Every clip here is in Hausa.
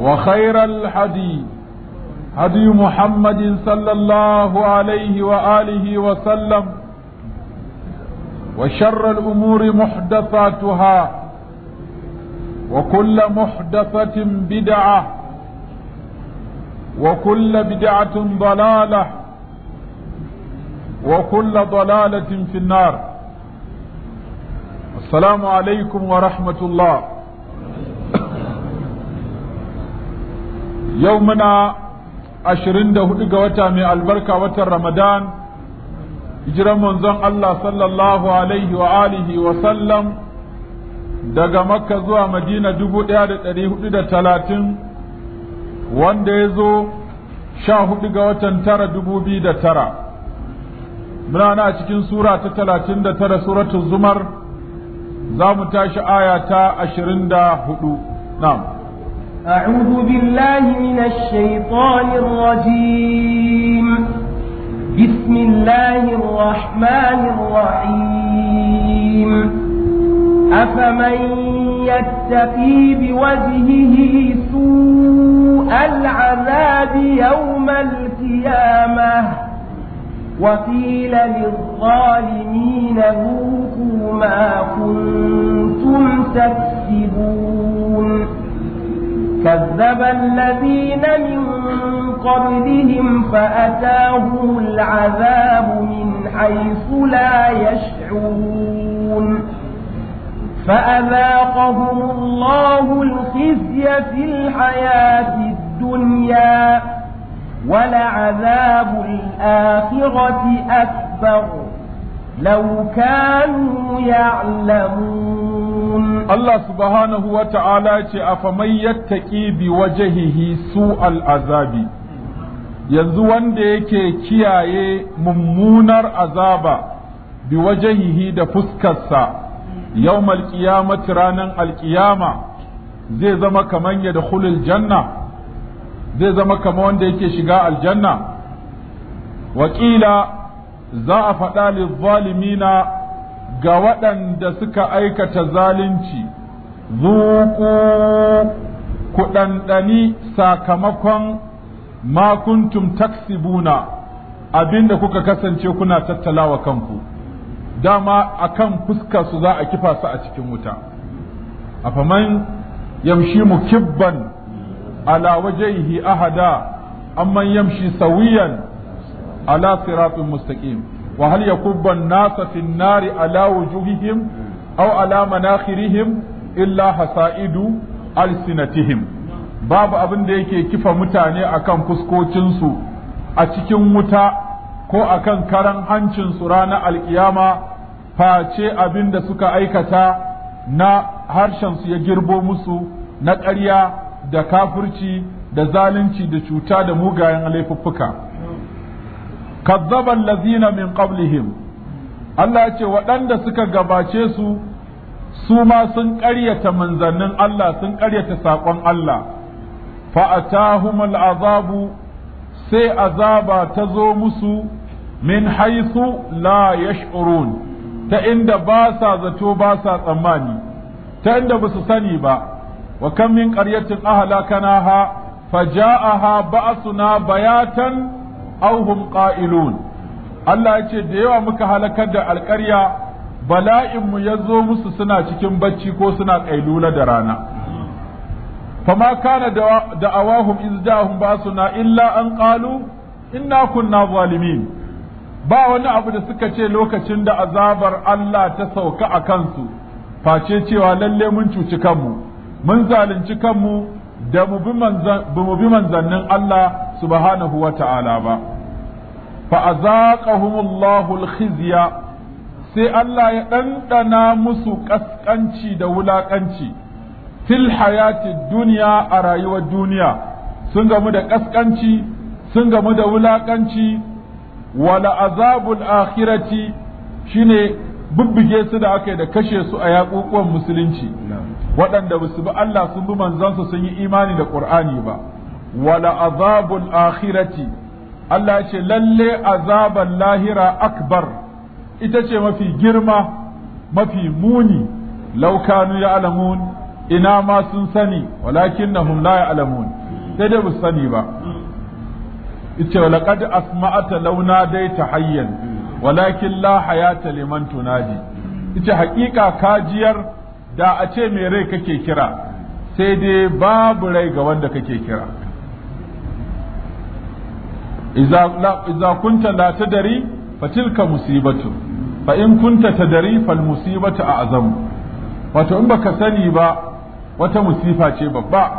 وخير الحدي هدي محمد صلى الله عليه وآله وسلم وشر الأمور محدثاتها وكل محدثة بدعة وكل بدعة ضلالة وكل ضلالة في النار السلام عليكم ورحمة الله yau muna ashirin da hudu ga wata mai albarka watan ramadan hijiran manzon Allah sallallahu alaihi wa alihi wa sallam daga makka zuwa madina dubu ɗaya da dari hudu da talatin wanda ya zo sha hudu ga watan tara dubu biyu da tara muna na cikin sura ta talatin da tara suratun zumar za mu tashi aya ta ashirin da hudu na'am أعوذ بالله من الشيطان الرجيم بسم الله الرحمن الرحيم أفمن يتقي بوجهه سوء العذاب يوم القيامة وقيل للظالمين ذوقوا ما كنتم تكسبون كذب الذين من قبلهم فأتاهم العذاب من حيث لا يشعرون فأذاقهم الله الخزي في الحياة الدنيا ولعذاب الآخرة أكبر لو كانوا يعلمون الله سبحانه وتعالى أفمن يتقي بوجهه سوء العذاب yanzu wanda yake kiyaye mummunar azaba bi wajahihi da fuskarsa yawmal qiyamati ranan alqiyama zai zama kaman ya da janna zai zama kamar wanda yake shiga aljanna wakila za a faɗa lizzalimina ga waɗanda suka aikata zalunci zuku ku ɗanɗani sakamakon makuntum taksibuna abinda kuka kasance kuna tattalawa kanku dama a kan su za a kifa su a cikin wuta A faman yamshi mukibban ala wajaihi ahada amman yamshi sawiyan ala siratin mustaqim wa hal yakubba an-nasa fi an-nari ala wujuhihim aw ala manakhirihim illa hasaidu alsinatihim babu abin da yake kifa mutane a kan fuskocinsu a cikin wuta ko akan karan hancinsu ranar alkiyama face abin da suka aikata na harshensu ya girbo musu na ƙarya da kafurci da zalunci da cuta da mugayen laifuffuka kazzaban lazina min qablihim Allah ce waɗanda suka gabace su su ma sun ƙaryata manzannin Allah sun ƙaryata saƙon Allah fa'atahumul azabu sai azaba ta zo musu min haisu la yash'urun ta inda ba sa zato ba sa tsammani ta inda ba su sani ba wa kan min qaryatin ahlakanaha faja'aha ba'suna bayatan aw hum Allah yace da yawa muka halakar da alƙarya bala'in mu ya zo musu suna cikin bacci ko suna kailula da rana fama kana da awahum izdahum basu basuna illa an qalu inna kunna zalimin ba wani abu da suka ce lokacin da azabar Allah ta sauka a kansu face cewa lalle mun cuci kanmu mun zalunci kanmu da mu bi manzannin Allah subhanahu wa ta'ala ba fa azaqahumullahu alkhizya sai Allah ya ɗanɗana musu ƙasƙanci da wulaƙanci fil hayati duniya a rayuwar duniya sun gamu da ƙasƙanci sun gamu da wulaƙanci wala azabul akhirati shine bubbuge su da aka yi da kashe su a yaƙuƙuwan musulunci waɗanda ba su bi Allah sun bi manzansa sun yi imani da ƙur'ani ba wala azabul akhirati Allah ce lalle azaban lahira akbar ita ce mafi girma mafi muni laukanu ya alamun ina ma sun sani walakin na la ya alamun sai dai ba sani ba ita laqad asma'ata launa dai ta hayyan walakin la hayata liman tunadi ita hakika kajiyar da a ce mai rai kake kira sai dai babu rai ga wanda kake kira Iza kunta la tadri fa tilka musibatu fa in kunta tadri fal musibatu a'zam wato in baka sani ba wata musifa ce babba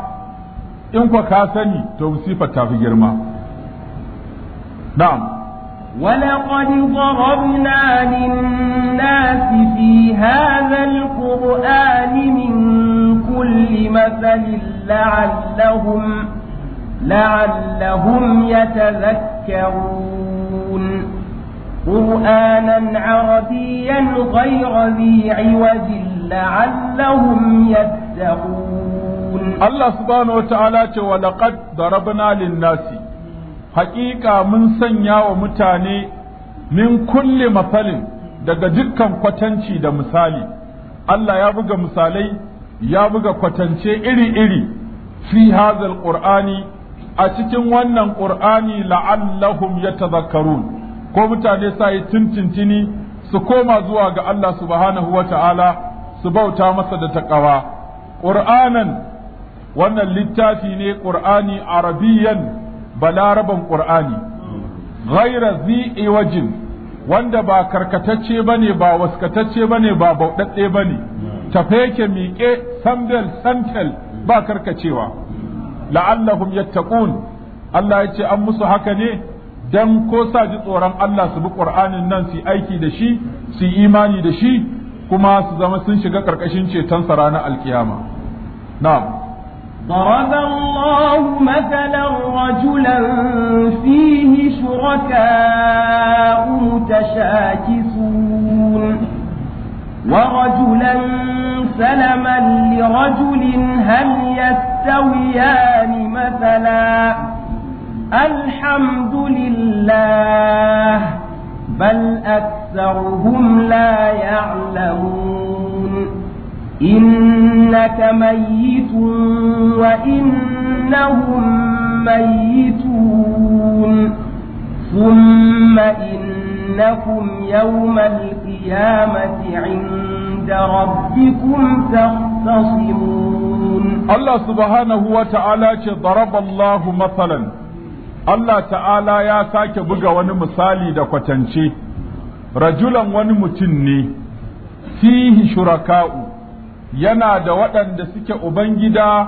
in kwa ka sani to musifa ta fi girma na'am ولقد ضربنا للناس في هذا القرآن من كل مثل لعلهم لعلهم يتذكرون قرآنا عربيا غير ذي عوج لعلهم يتقون الله سبحانه وتعالى ولقد ضربنا للناس حقيقة من سنيا ومتاني من كل مثل daga dukkan kwatanci da misali Allah ya buga misalai ya buga kwatance iri-iri fi hazal qur'ani a cikin wannan ƙur'ani la'allahum yatadhakkarun ko mutane sa yi tintintini su koma zuwa ga Allah subhanahu wa ta'ala su bauta masa da taƙawa. ƙur'anan wannan littafi ne ƙur'ani arabiyan balaraban ƙur'ani ghaira zi wajin wanda ba karkatacce ba ne ba waskatacce ba ne ba bauɗaɗɗe ba ne tafe yake miƙe sandal santel ba karkacewa la'allahum yattaqun Allah ya ce an musu haka ne dan ko sa ji tsoron Allah su bi Qur'anin nan su aiki da shi su imani da shi kuma su zama sun shiga karkashin ceton sa ranar alkiyama na'am ضرب الله مثلا رجلا فيه شركاء متشاكسون ورجلا سلما لرجل هل يستويان مثلا الحمد لله بل أكثرهم لا يعلمون إنك ميت وإنهم ميتون ثم إن إنكم يوم القيامة عند ربكم تختصمون الله سبحانه وتعالى ضرب الله مثلا Allah ta'ala ya sake buga wani misali da kwatance, rajulan wani mutum ne, fihi shuraka'u, yana da waɗanda suke Ubangida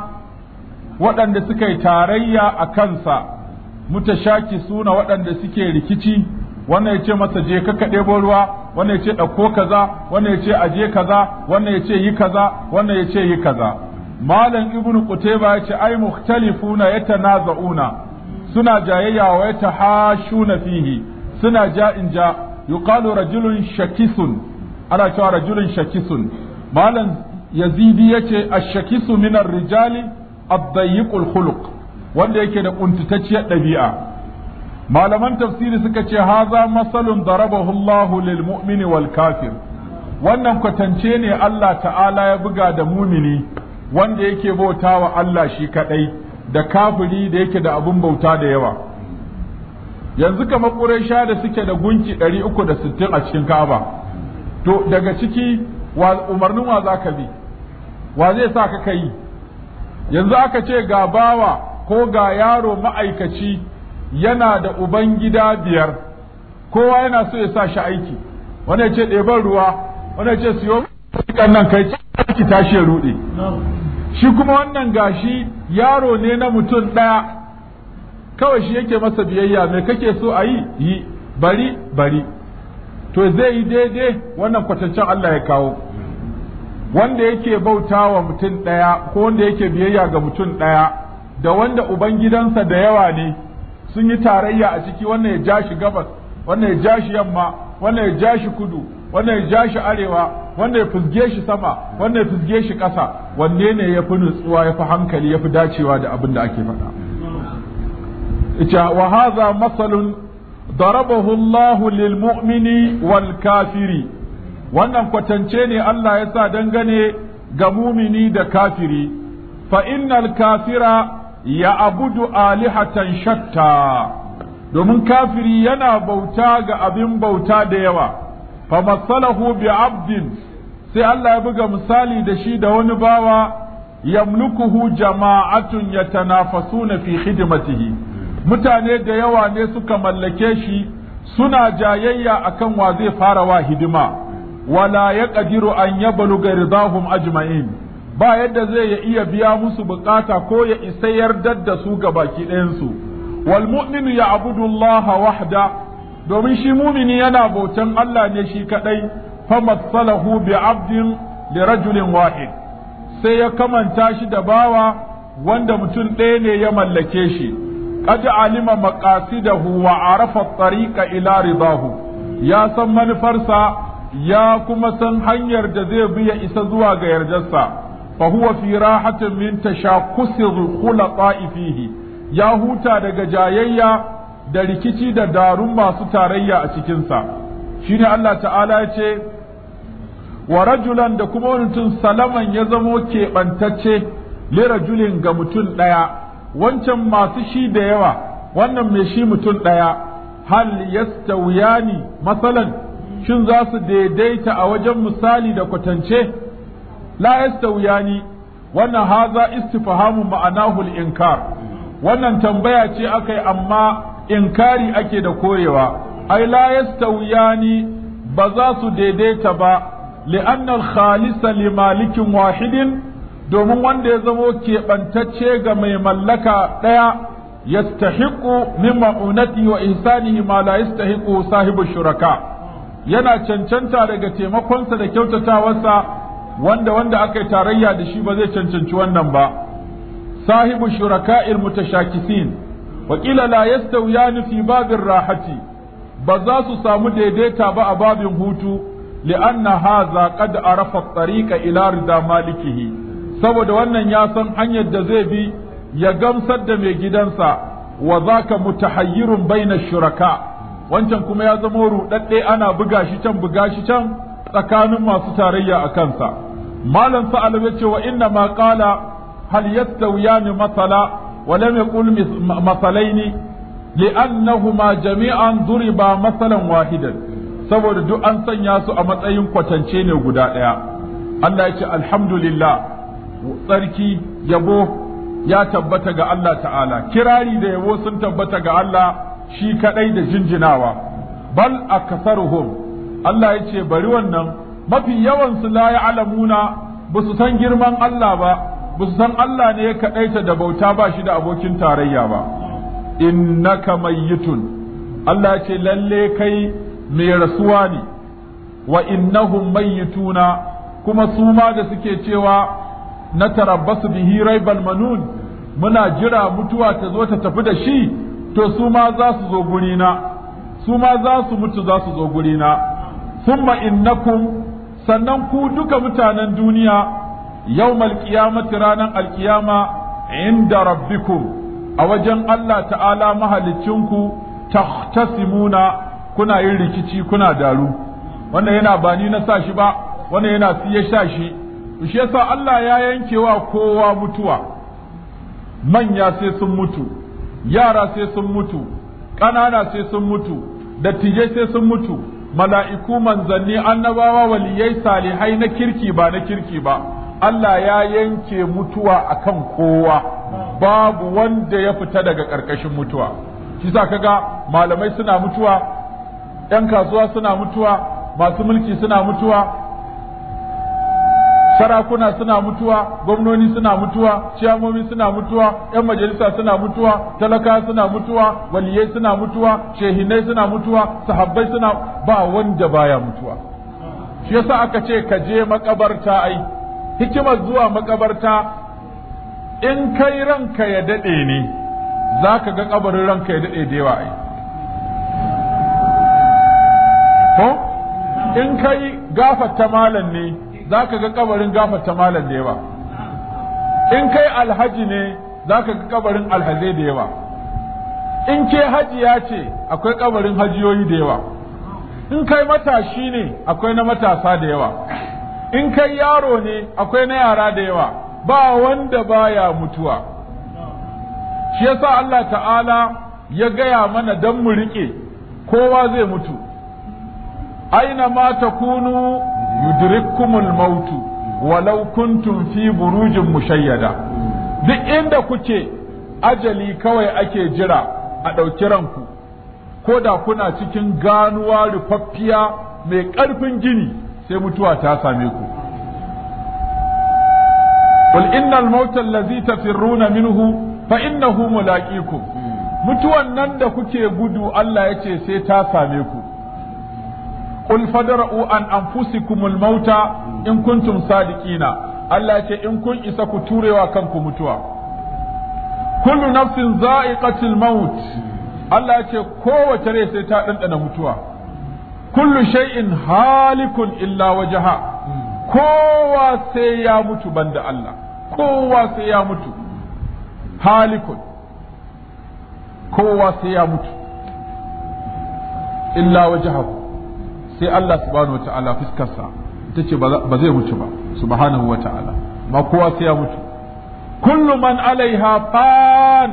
waɗanda suka tarayya a kansa, mutashaki suna waɗanda suke rikici, wannan ya ce masa je ka ka ɗebo ruwa wannan ya ce ɗauko kaza wannan ya ce aje kaza wannan ya ce yi kaza wannan ya ce yi kaza malam ibnu qutayba ya ce ai mukhtalifuna yatanaza'una suna jayayya wa yatahashuna fihi suna in ja yuqalu rajulun shakisun ana cewa rajulun shakisun malam yazidi yace ash-shakisu min rijali ad-dayyiqul khuluq wanda yake da kuntatacciyar ɗabi'a malaman tafsiri suka ce haza masalun darabahu Allah lil mu'mini wal kafir wannan kwatance ne Allah ta'ala ya buga da mumini wanda yake bauta wa Allah shi kadai da kafiri da yake da abun bauta da yawa yanzu kamar Quraysha da suke da gunki 360 a cikin Ka'aba to daga ciki wa umarnin wa za ka bi wa zai sa ka kai yanzu aka ce ga bawa ko ga yaro ma'aikaci yana da uban gida biyar kowa yana so ya sa shi aiki wani ce ɗeban ruwa wani ya ce siyo kan nan kai ki tashi ya rude shi kuma wannan gashi yaro ne na mutum ɗaya kawai shi yake masa biyayya mai kake so a yi yi bari bari to zai yi daidai wannan kwataccen Allah ya kawo wanda yake bauta wa mutum ɗaya ko wanda yake biyayya ga mutum ɗaya da wanda ubangidansa da yawa ne sun yi tarayya a ciki wannan ya ja shi gabas wannan ya ja shi yamma wannan ya ja shi kudu wannan ya ja shi arewa wannan ya fizge shi sama wannan ya fizge shi ƙasa wanne ne ya fi nutsuwa ya fi hankali ya fi dacewa da abin da ake faɗa ita wa hadha masalun darabahu Allah lil mu'mini wal kafiri wannan kwatance ne Allah ya sa dangane ga mumini da kafiri fa innal kafira ya abudu alihatan shatta domin kafiri yana bauta ga abin bauta da yawa fa masalahu bi abdin sai Allah ya buga misali da shi da wani bawa yamlukuhu jama'atun yatanafasuna fi khidmatihi mutane da yawa ne suka mallake shi suna jayayya akan wa zai fara wa hidima wala yaqdiru an yabluga ridahum ajma'in ba yadda zai ya iya biya musu bukata ko ya isa yardar da su ga baki ɗayansu wal mu'minu ya abudullaha wahda domin shi mumini yana bautan Allah ne shi kadai fa matsalahu bi abdin li rajulin wahid sai ya kamanta shi da bawa wanda mutum ɗaya ne ya mallake shi qad alima maqasidahu wa arafa tariqa ila ridahu ya san manufarsa ya kuma san hanyar da zai bi ya isa zuwa ga yardarsa فهو في راحة من sha tashakusil khulaqa'i يا ya huta daga jayayya da rikici da darun masu tarayya a cikinsa shine Allah ta'ala ya ce wa rajulan da kuma mutum salaman ya zamo keɓantacce rajulin ga mutum ɗaya wancan masu shi da yawa wannan mai shi mutum ɗaya hal yastawiyani masalan shin za su daidaita a wajen misali da kwatance la yastawiyani wannan haza istifhamu ma'anahu al-inkar wannan tambaya ce akai amma inkari ake da korewa ai la yastawiyani ba za su daidaita ba li'annal khalisa li malikin wahidin domin wanda ya zamo keɓantacce ga mai mallaka ɗaya yastahiqu min ma'unati wa ihsanihi ma la yastahiqu sahibu shuraka yana cancanta daga taimakonsa da kyautatawarsa wanda wanda aka yi tarayya da shi ba zai cancanci wannan ba sahibu shuraka'il mutashakisin wa kila la yastawiyani fi babir rahati ba za su samu daidaita ba a babin hutu anna hadha qad arafa tariqa ila rida malikihi saboda wannan ya san hanyar da zai bi ya gamsar da mai gidansa wa zaka mutahayyirun baina shuraka wancan kuma ya zama rudadde ana buga shi can buga shi can tsakanin masu tarayya a kansa malam sa'al ya ce wa inna ma qala hal yastawiyani masala wa lam yaqul masalaini li'annahuma jami'an duriba masalan wahidan saboda duk an sanya su a matsayin kwatance ne guda ɗaya Allah ya ce alhamdulillah tsarki yabo ya tabbata ga Allah ta'ala kirari da yabo sun tabbata ga Allah shi kadai da jinjinawa bal akasaruhum Allah ya ce bari wannan mafi yawan su la alamuna ba su san girman Allah ba ba su san Allah ne ya kaɗaita da bauta ba shi da abokin tarayya ba yi mayyitun Allah ya ce lalle kai mai rasuwa ne wa innahum mayyituna kuma su ma da suke cewa na tarabbasu bihi raibal manun muna jira mutuwa ta zo ta tafi da shi to su ma za su zo gurina su ma za su mutu za su zo gurina thumma innakum sannan ku duka mutanen duniya yawmal qiyamati ranan alqiyama inda rabbikum a wajen Allah ta'ala mahalicinku tahtasimuna kuna yin rikici kuna daru wannan yana ba ni na sa shi ba wannan yana siya sha shi shi yasa Allah ya yankewa kowa mutuwa manya sai sun mutu yara sai sun mutu ƙanana sai sun mutu dattijai sai sun mutu mala'iku manzanni annabawa waliyai salihai na kirki ba na kirki ba Allah ya yanke mutuwa akan kowa babu wanda ya fita daga ƙarƙashin mutuwa kisa kaga malamai suna mutuwa ‘yan kasuwa suna mutuwa masu mulki suna mutuwa sarakuna suna mutuwa gwamnoni suna mutuwa ciyamomi suna mutuwa yan majalisa suna mutuwa talaka suna mutuwa waliyai suna mutuwa shehinai suna mutuwa sahabbai suna ba wanda baya mutuwa shi yasa aka ce ka je makabarta ai hikimar zuwa makabarta in kai ranka ya dade ne za ka ga kabarin ranka ya dade da yawa ai ko in kai gafarta malam ne za ka ga kabarin ta malam da yawa in kai alhaji ne za ka ga kabarin alhazai da yawa in ke hajiya ce akwai kabarin hajiyoyi da yawa in kai matashi ne akwai na matasa da yawa in kai yaro ne akwai na yara da yawa ba wanda baya mutuwa shi yasa Allah ta'ala ya gaya mana dan mu riƙe kowa zai mutu aina ma takunu al mautu walau kuntum fi burujin mushayyada duk inda kuke ajali kawai ake jira a ɗauki ranku ko da kuna cikin ganuwa rufaffiya mai ƙarfin gini sai mutuwa ta same ku innal إن allazi الذي minhu fa innahu mulaqikum mutuwan nan da kuke gudu Allah yace sai ta same ku qul fadra'u an anfusikumul mauta in kuntum sadiqina Allah ce in kun isa ku turewa kanku mutuwa kullu nafsin za'iqatul maut Allah ce kowace rai sai ta dandana mutuwa kullu shay'in halikun illa wajaha kowa sai ya mutu banda Allah kowa sai ya mutu halikun kowa sai ya mutu illa wajahu sai Allah subhanahu wata'ala fuskarsa ta ce ba zai mutu ba subhanahu wata'ala ba kowa sai ya mutu kullu man alaiha fan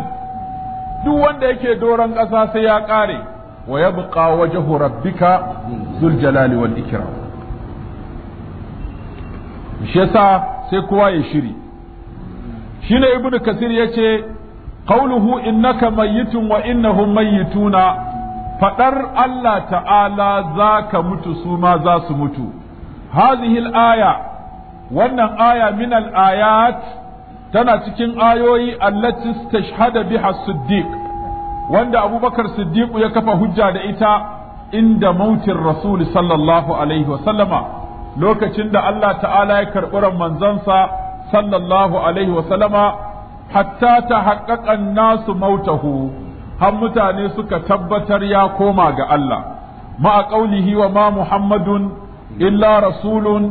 duk wanda yake doron ƙasa sai ya ƙare wa yabqa wajhu rabbika zul jalali wal ikram shi yasa sai kowa ya shiri shine ibnu kasir ya yace qawluhu innaka mayyitun wa innahum mayyituna faɗar Allah ta'ala za ka mutu suma ma za su mutu hazihil aya wannan aya min ayat tana cikin ayoyi allati tashhada biha siddiq wanda abubakar siddiq ya kafa hujja da ita inda mautin rasul sallallahu alaihi wasallama lokacin da Allah ta'ala ya karɓi ran manzansa sallallahu alaihi wasallama hatta ta haƙaƙan nasu mautahu har mutane suka tabbatar ya koma ga Allah ma qaulihi wa ma muhammadun illa rasulun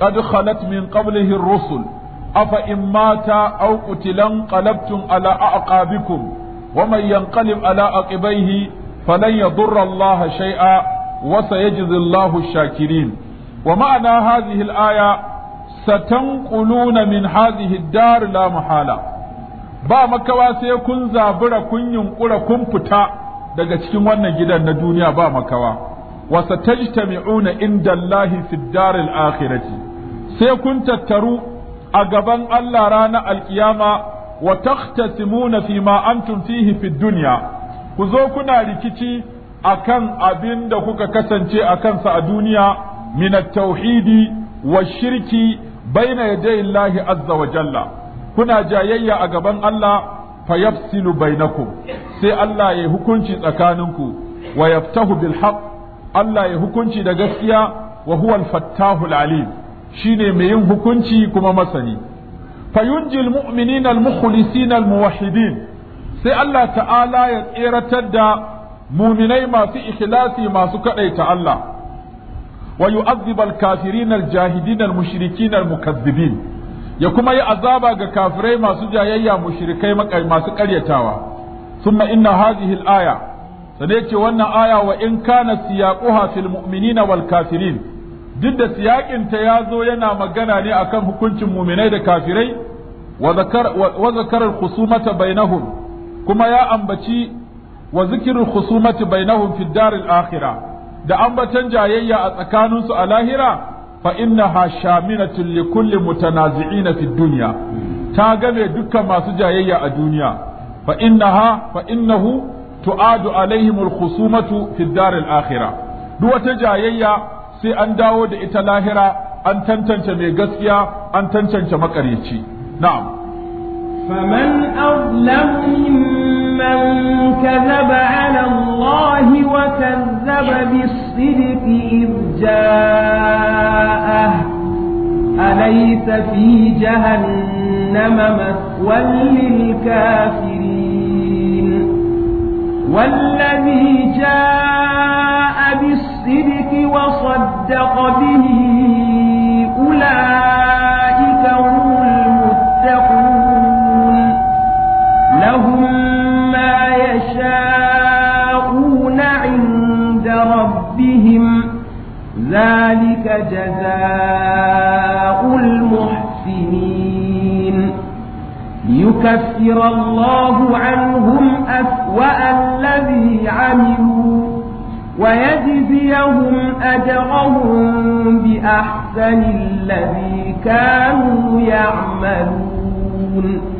qad khalat min qablihi rusul afa in mata aw qutilan qalabtum ala aqabikum wa man yanqalib ala aqibaihi falan yadurra Allah shay'a wa sayajzi Allahu shakirin wa ma'ana hadhihi al-aya satanquluna min hadhihi ad-dar la mahala ba makawa sai kun zabura kun yunkura kun fita daga cikin wannan gidan na duniya ba makawa wa satajtami'una inda Allah fi daril akhirati sai kun tattaru a gaban Allah ranar alkiyama wa takhtasimuna fi ma antum fihi fi dunya ku zo kuna rikici akan abin da kuka kasance a kansa a duniya min at-tauhidi wa shirki baina yadayi Allah azza wa jalla kuna jayayya a gaban Allah fa yafsilu bainakum sai Allah ya hukunci tsakaninku wa yaftahu bil haqq Allah ya hukunci da gaskiya wa huwa al fattahul alim shine mai yin hukunci kuma masani fayunji almu'minina almukhlisina almuwahhidin sai Allah ta'ala ya tseratar da muminai masu ikhlasi masu kadaita Allah wa yu'adhibal kafirin aljahidin almushrikin almukaththibin ya kuma yi azaba ga kafirai masu jayayya mushrikai masu ƙaryatawa thumma inna hadhihi al-aya sai ce wannan aya wa in kana siyaquha fil mu'minina wal kafirin duk da siyakin ta yazo yana magana ne akan hukuncin mu'minai da kafirai wa zakar wa zakar al kuma ya ambaci wa al khusumati bainahum fid dar al-akhirah da ambatan jayayya a tsakaninsu a lahira fa innaha shaminatul li Mutanazi'i na fid ta game dukkan masu jayayya a duniya fa innaha fa innahu tu'adu alaihim al-khusumatu fid dar al duk wata jayayya sai an dawo da ita lahira an tantance mai gaskiya an tantance makaryaci na'am فمن أظلم ممن كذب على الله وكذب بالصدق إذ جاءه أليس في جهنم مثوى للكافرين والذي جاء بالصدق وصدق به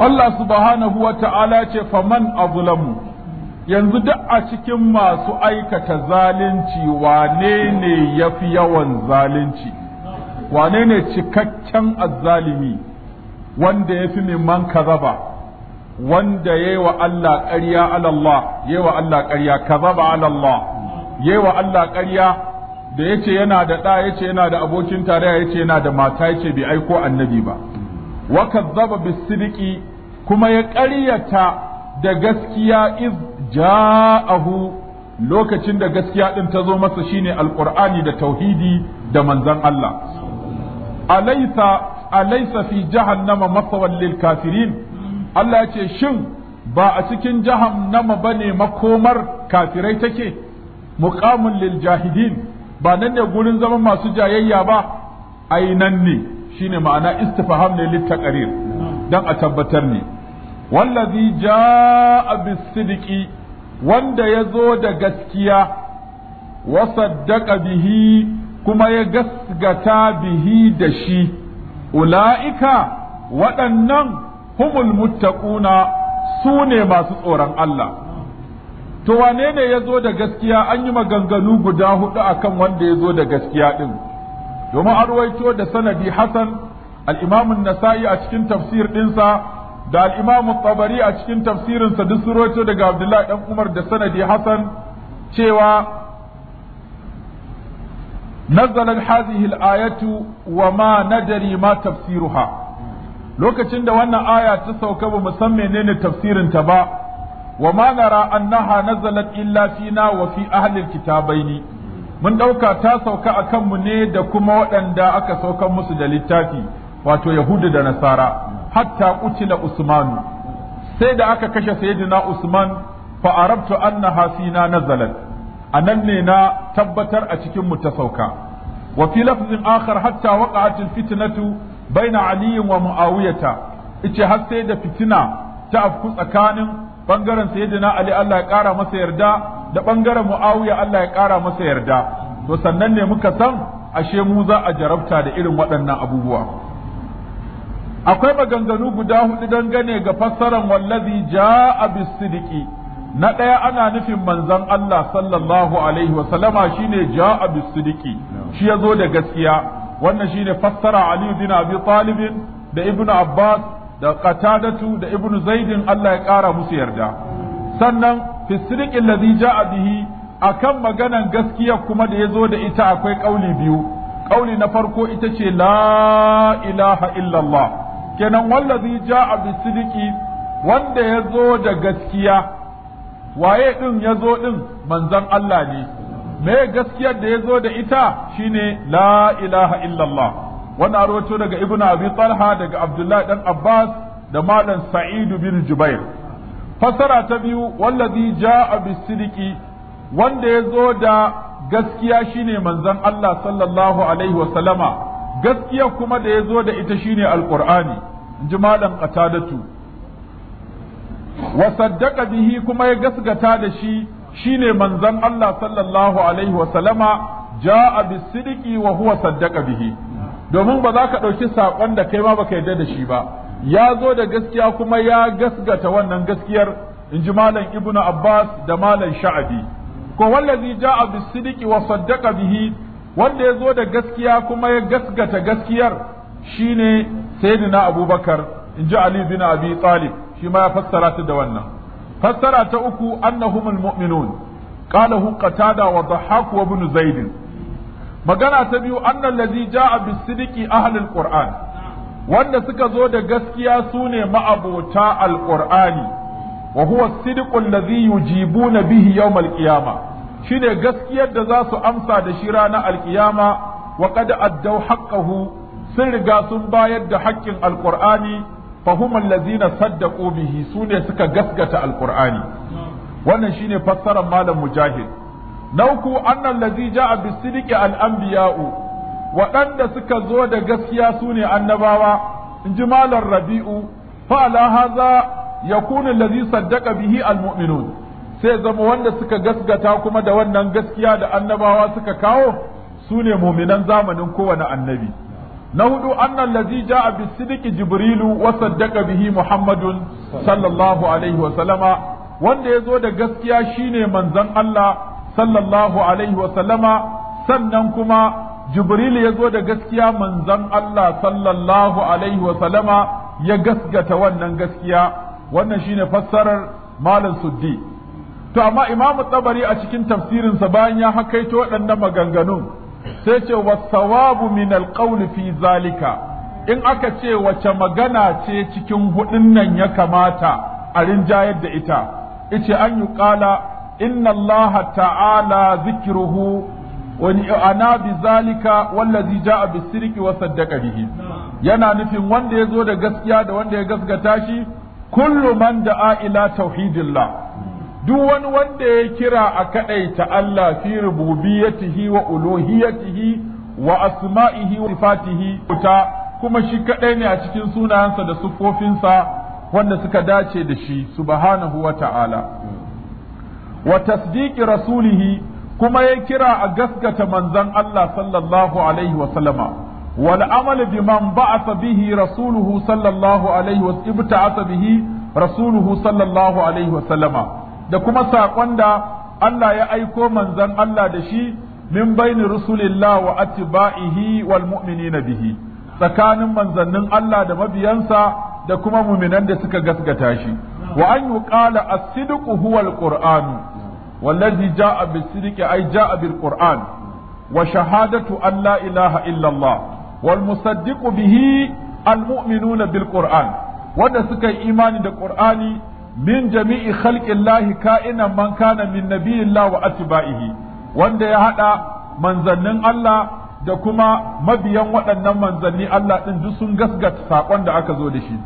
Allah subhanahu wa ta'ala ce faman azlamu yanzu duk a cikin masu aikata zalunci wane ne ya fi yawan zalunci wane ne cikakken azzalimi wanda ya fi neman kazaba wanda ya yi wa Allah ƙarya alallah ya wa Allah ƙarya kazaba alallah ya wa Allah ƙarya da ya ce yana da ɗa ya ce yana da abokin tarayya ya ce yana da mata ya bai aiko annabi ba wa kazzaba bisidiki kuma ya ƙaryata da gaskiya iz ja'ahu lokacin da gaskiya ɗin ta zo masa shine alƙur'ani da tauhidi da manzan Allah alaisa alaisa fi jahannama masawan lil kafirin Allah ya ce shin ba a cikin jahannama bane makomar kafirai take muqamun lil jahidin ba nan ne gurin zaman masu jayayya ba ai nan ne shine ma'ana istifham ne littaqarir dan a tabbatar ne wallazi ja'a bisidiki wanda ya zo da gaskiya wa saddaqa bihi kuma ya gaskata bihi da shi ula'ika waɗannan humul muttaquna su ne masu tsoron Allah to wane ne ya zo da gaskiya an yi maganganu guda hudu akan wanda ya zo da gaskiya ɗin domin an da sanadi hasan al-imamun nasa'i a cikin tafsir ɗinsa da al-Imam tabari a cikin tafsirin sa duk surwato daga Abdullah dan Umar da sanadi Hasan cewa nazalar hazihil ayatu wa ma nadri ma tafsiruha lokacin da wannan aya ta sauka ba mu san menene tafsirin ta ba wa ma nara annaha nazalat illa fina wa fi ahli al-kitabaini mun dauka ta sauka a kanmu ne da kuma waɗanda aka saukan musu da littafi wato yahudu da nasara hatta kutila Usmanu sai da aka kashe sayyidina usman fa arabtu annaha fina nazalat anan ne na tabbatar a cikin mu ta sauka wa fi lafzin akhar hatta waqa'at alfitnatu baina ali wa muawiyata ice har sai da fitina ta afku tsakanin bangaren sayyidina ali Allah ya kara masa yarda da bangaren muawiya Allah ya kara masa yarda to sannan ne muka san ashe mu za a jarabta da irin waɗannan abubuwa akwai maganganu guda hudu dangane ga fassarar wallazi ja'a bisidiki na ɗaya ana nufin manzon Allah sallallahu alaihi wasallama shine ja'a bisidiki shi yazo da gaskiya wannan shine fassara Ali bin Abi Talib da Ibn Abbas da Qatadatu da Ibn Zaidin Allah ya ƙara musu yarda sannan fi sidiki allazi ja'a bihi akan maganan gaskiya kuma da yazo da ita akwai kauli biyu kauli na farko ita ce la ilaha illallah kenan wallazi ja'a bisidiki wanda ya zo da gaskiya waye din ya zo din manzon Allah ne me gaskiyar da ya zo da ita shine la ilaha illallah wannan rawato daga ibn abi talha daga abdullah dan abbas da malam sa'id bin jubair fasara ta biyu wallazi ja'a bisidiki wanda ya zo da gaskiya shine manzon Allah sallallahu alaihi wa sallama gaskiya kuma da ya zo da ita shine alqur'ani in ji malam qatadatu wa saddaqa bihi kuma ya gaskata da shi shine manzon Allah sallallahu alaihi wa sallama ja'a bisidiki wa huwa saddaqa bihi domin ba za ka ɗauki saƙon da kai ma baka yarda da shi ba ya zo da gaskiya kuma ya gasgata wannan gaskiyar in ji malam ibnu abbas da malam sha'abi ko wallazi ja'a bisidiki wa saddaqa bihi wanda ya zo da gaskiya kuma ya gaskata gaskiyar shine sayyidina abubakar in ji ali bin abi talib shi ma ya fassara ta da wannan fassara ta uku annahumul mu'minun qala hu qatada wa dhahhak wa ibn zaid magana ta biyu annal ladhi jaa bis-sidqi ahlul qur'an wanda suka zo da gaskiya sune ma'abota alqur'ani wa huwa as jibu na yujibuna bihi yawm al shine gaskiyar da za su amsa da shi ranar alkiyama wa qad addaw haqqahu sun riga sun bayar da haƙƙin alqur'ani fa hum allazina saddaqu bihi sune suka gaskata alqur'ani wannan shine fassarar malam mujahid nauku annan Lazija, ja'a bisidqi al-anbiya'u waɗanda suka zo da gaskiya sune annabawa in ji malam rabi'u fa ala ya yakunu lazi saddaka bihi al-mu'minun sai zama wanda suka gaskata kuma da wannan gaskiya da annabawa suka kawo su ne muminan zamanin kowane annabi na hudu annan lazi ja'a bi jibrilu wa saddaqa bihi muhammadun sallallahu alaihi wa wanda ya zo da gaskiya shine manzon Allah sallallahu alaihi wa sannan kuma Jibrilu ya zo da gaskiya manzon Allah sallallahu alaihi wa ya gaskata wannan gaskiya wannan shine fassarar malam suddi to amma imamu tsabari a cikin tafsirinsa bayan ya hakaito waɗannan maganganun sai ce wa sawabu min alqawli fi zalika in aka ce wace magana ce cikin hudun nan ya kamata a rinjayar da ita ice an yi ƙala inna allaha ta'ala zikiruhu wani ana bi zalika wallazi ja'a a bisirki wa saddaqa bihi yana nufin wanda ya zo da gaskiya da wanda ya gaskata shi kullu man da'a ila tauhidillah duk wani wanda ya kira a kaɗaita Allah fi rububiyatihi wa uluhiyatihi wa asma'ihi wa sifatihi kuta kuma shi kaɗai ne a cikin sunayensa da sufofinsa wanda suka dace da shi subhanahu wa ta'ala wa tasdiqi rasulihi kuma ya kira a gaskata manzon Allah sallallahu alaihi wa sallama wal amal man ba'atha bihi rasuluhu sallallahu alaihi wa ibta'atha bihi rasuluhu sallallahu alaihi wa sallama da kuma saƙon da Allah ya aiko manzon Allah da shi min baini rusulillah wa atba'ihi wal mu'minina bihi tsakanin manzannin Allah da mabiyansa da kuma muminan da suka gaskata shi wa an yuqala as-sidqu huwa al-qur'an wallazi ja'a bis-sidqi quran wa shahadatu an la ilaha Allah wal musaddiqu bihi al bil-qur'an wanda suka yi imani da qur'ani min jami'i khalqillahi ka'inan man kana min nabiyillahi wa atba'ihi wanda ya hada manzannin Allah da kuma mabiyan waɗannan manzanni Allah ɗin duk sun gasgata saƙon da aka zo da shi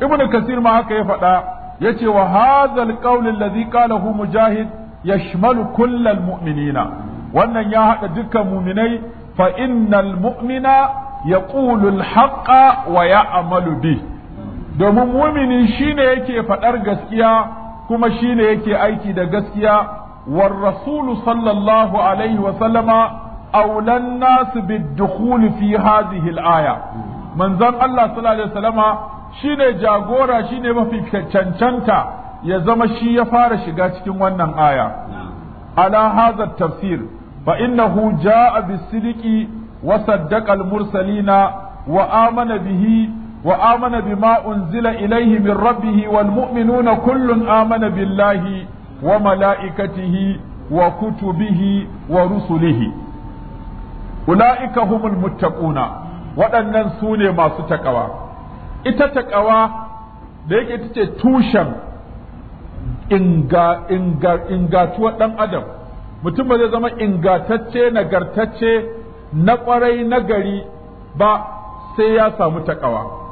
ibn kasir ma haka ya faɗa yace wa hadhal qawl alladhi qalahu mujahid yashmalu kullal mu'minina wannan ya haɗa dukkan muminai fa innal mu'mina yaqulu al-haqqa wa ya'malu bihi domin mumini shine yake faɗar gaskiya kuma shine yake aiki da gaskiya wa rasulu sallallahu alaihi wa aulan nasu bid fi hadhihi al-aya manzon Allah sallallahu alaihi wa shine jagora shine mafi cancanta ya zama shi ya fara shiga cikin wannan aya ala hadha tafsir fa innahu jaa bis-sidqi wa saddaqa al-mursalina wa amana bihi وآمن بما أنزل إليه من ربه والمؤمنون كل آمن بالله وملائكته وكتبه ورسله أولئك هم المتقون waɗannan su ne masu taƙawa ita taƙawa da yake ita ce tushen ingatuwar ɗan adam mutum ba zai zama ingatacce nagartacce na ƙwarai nagari ba sai ya samu taƙawa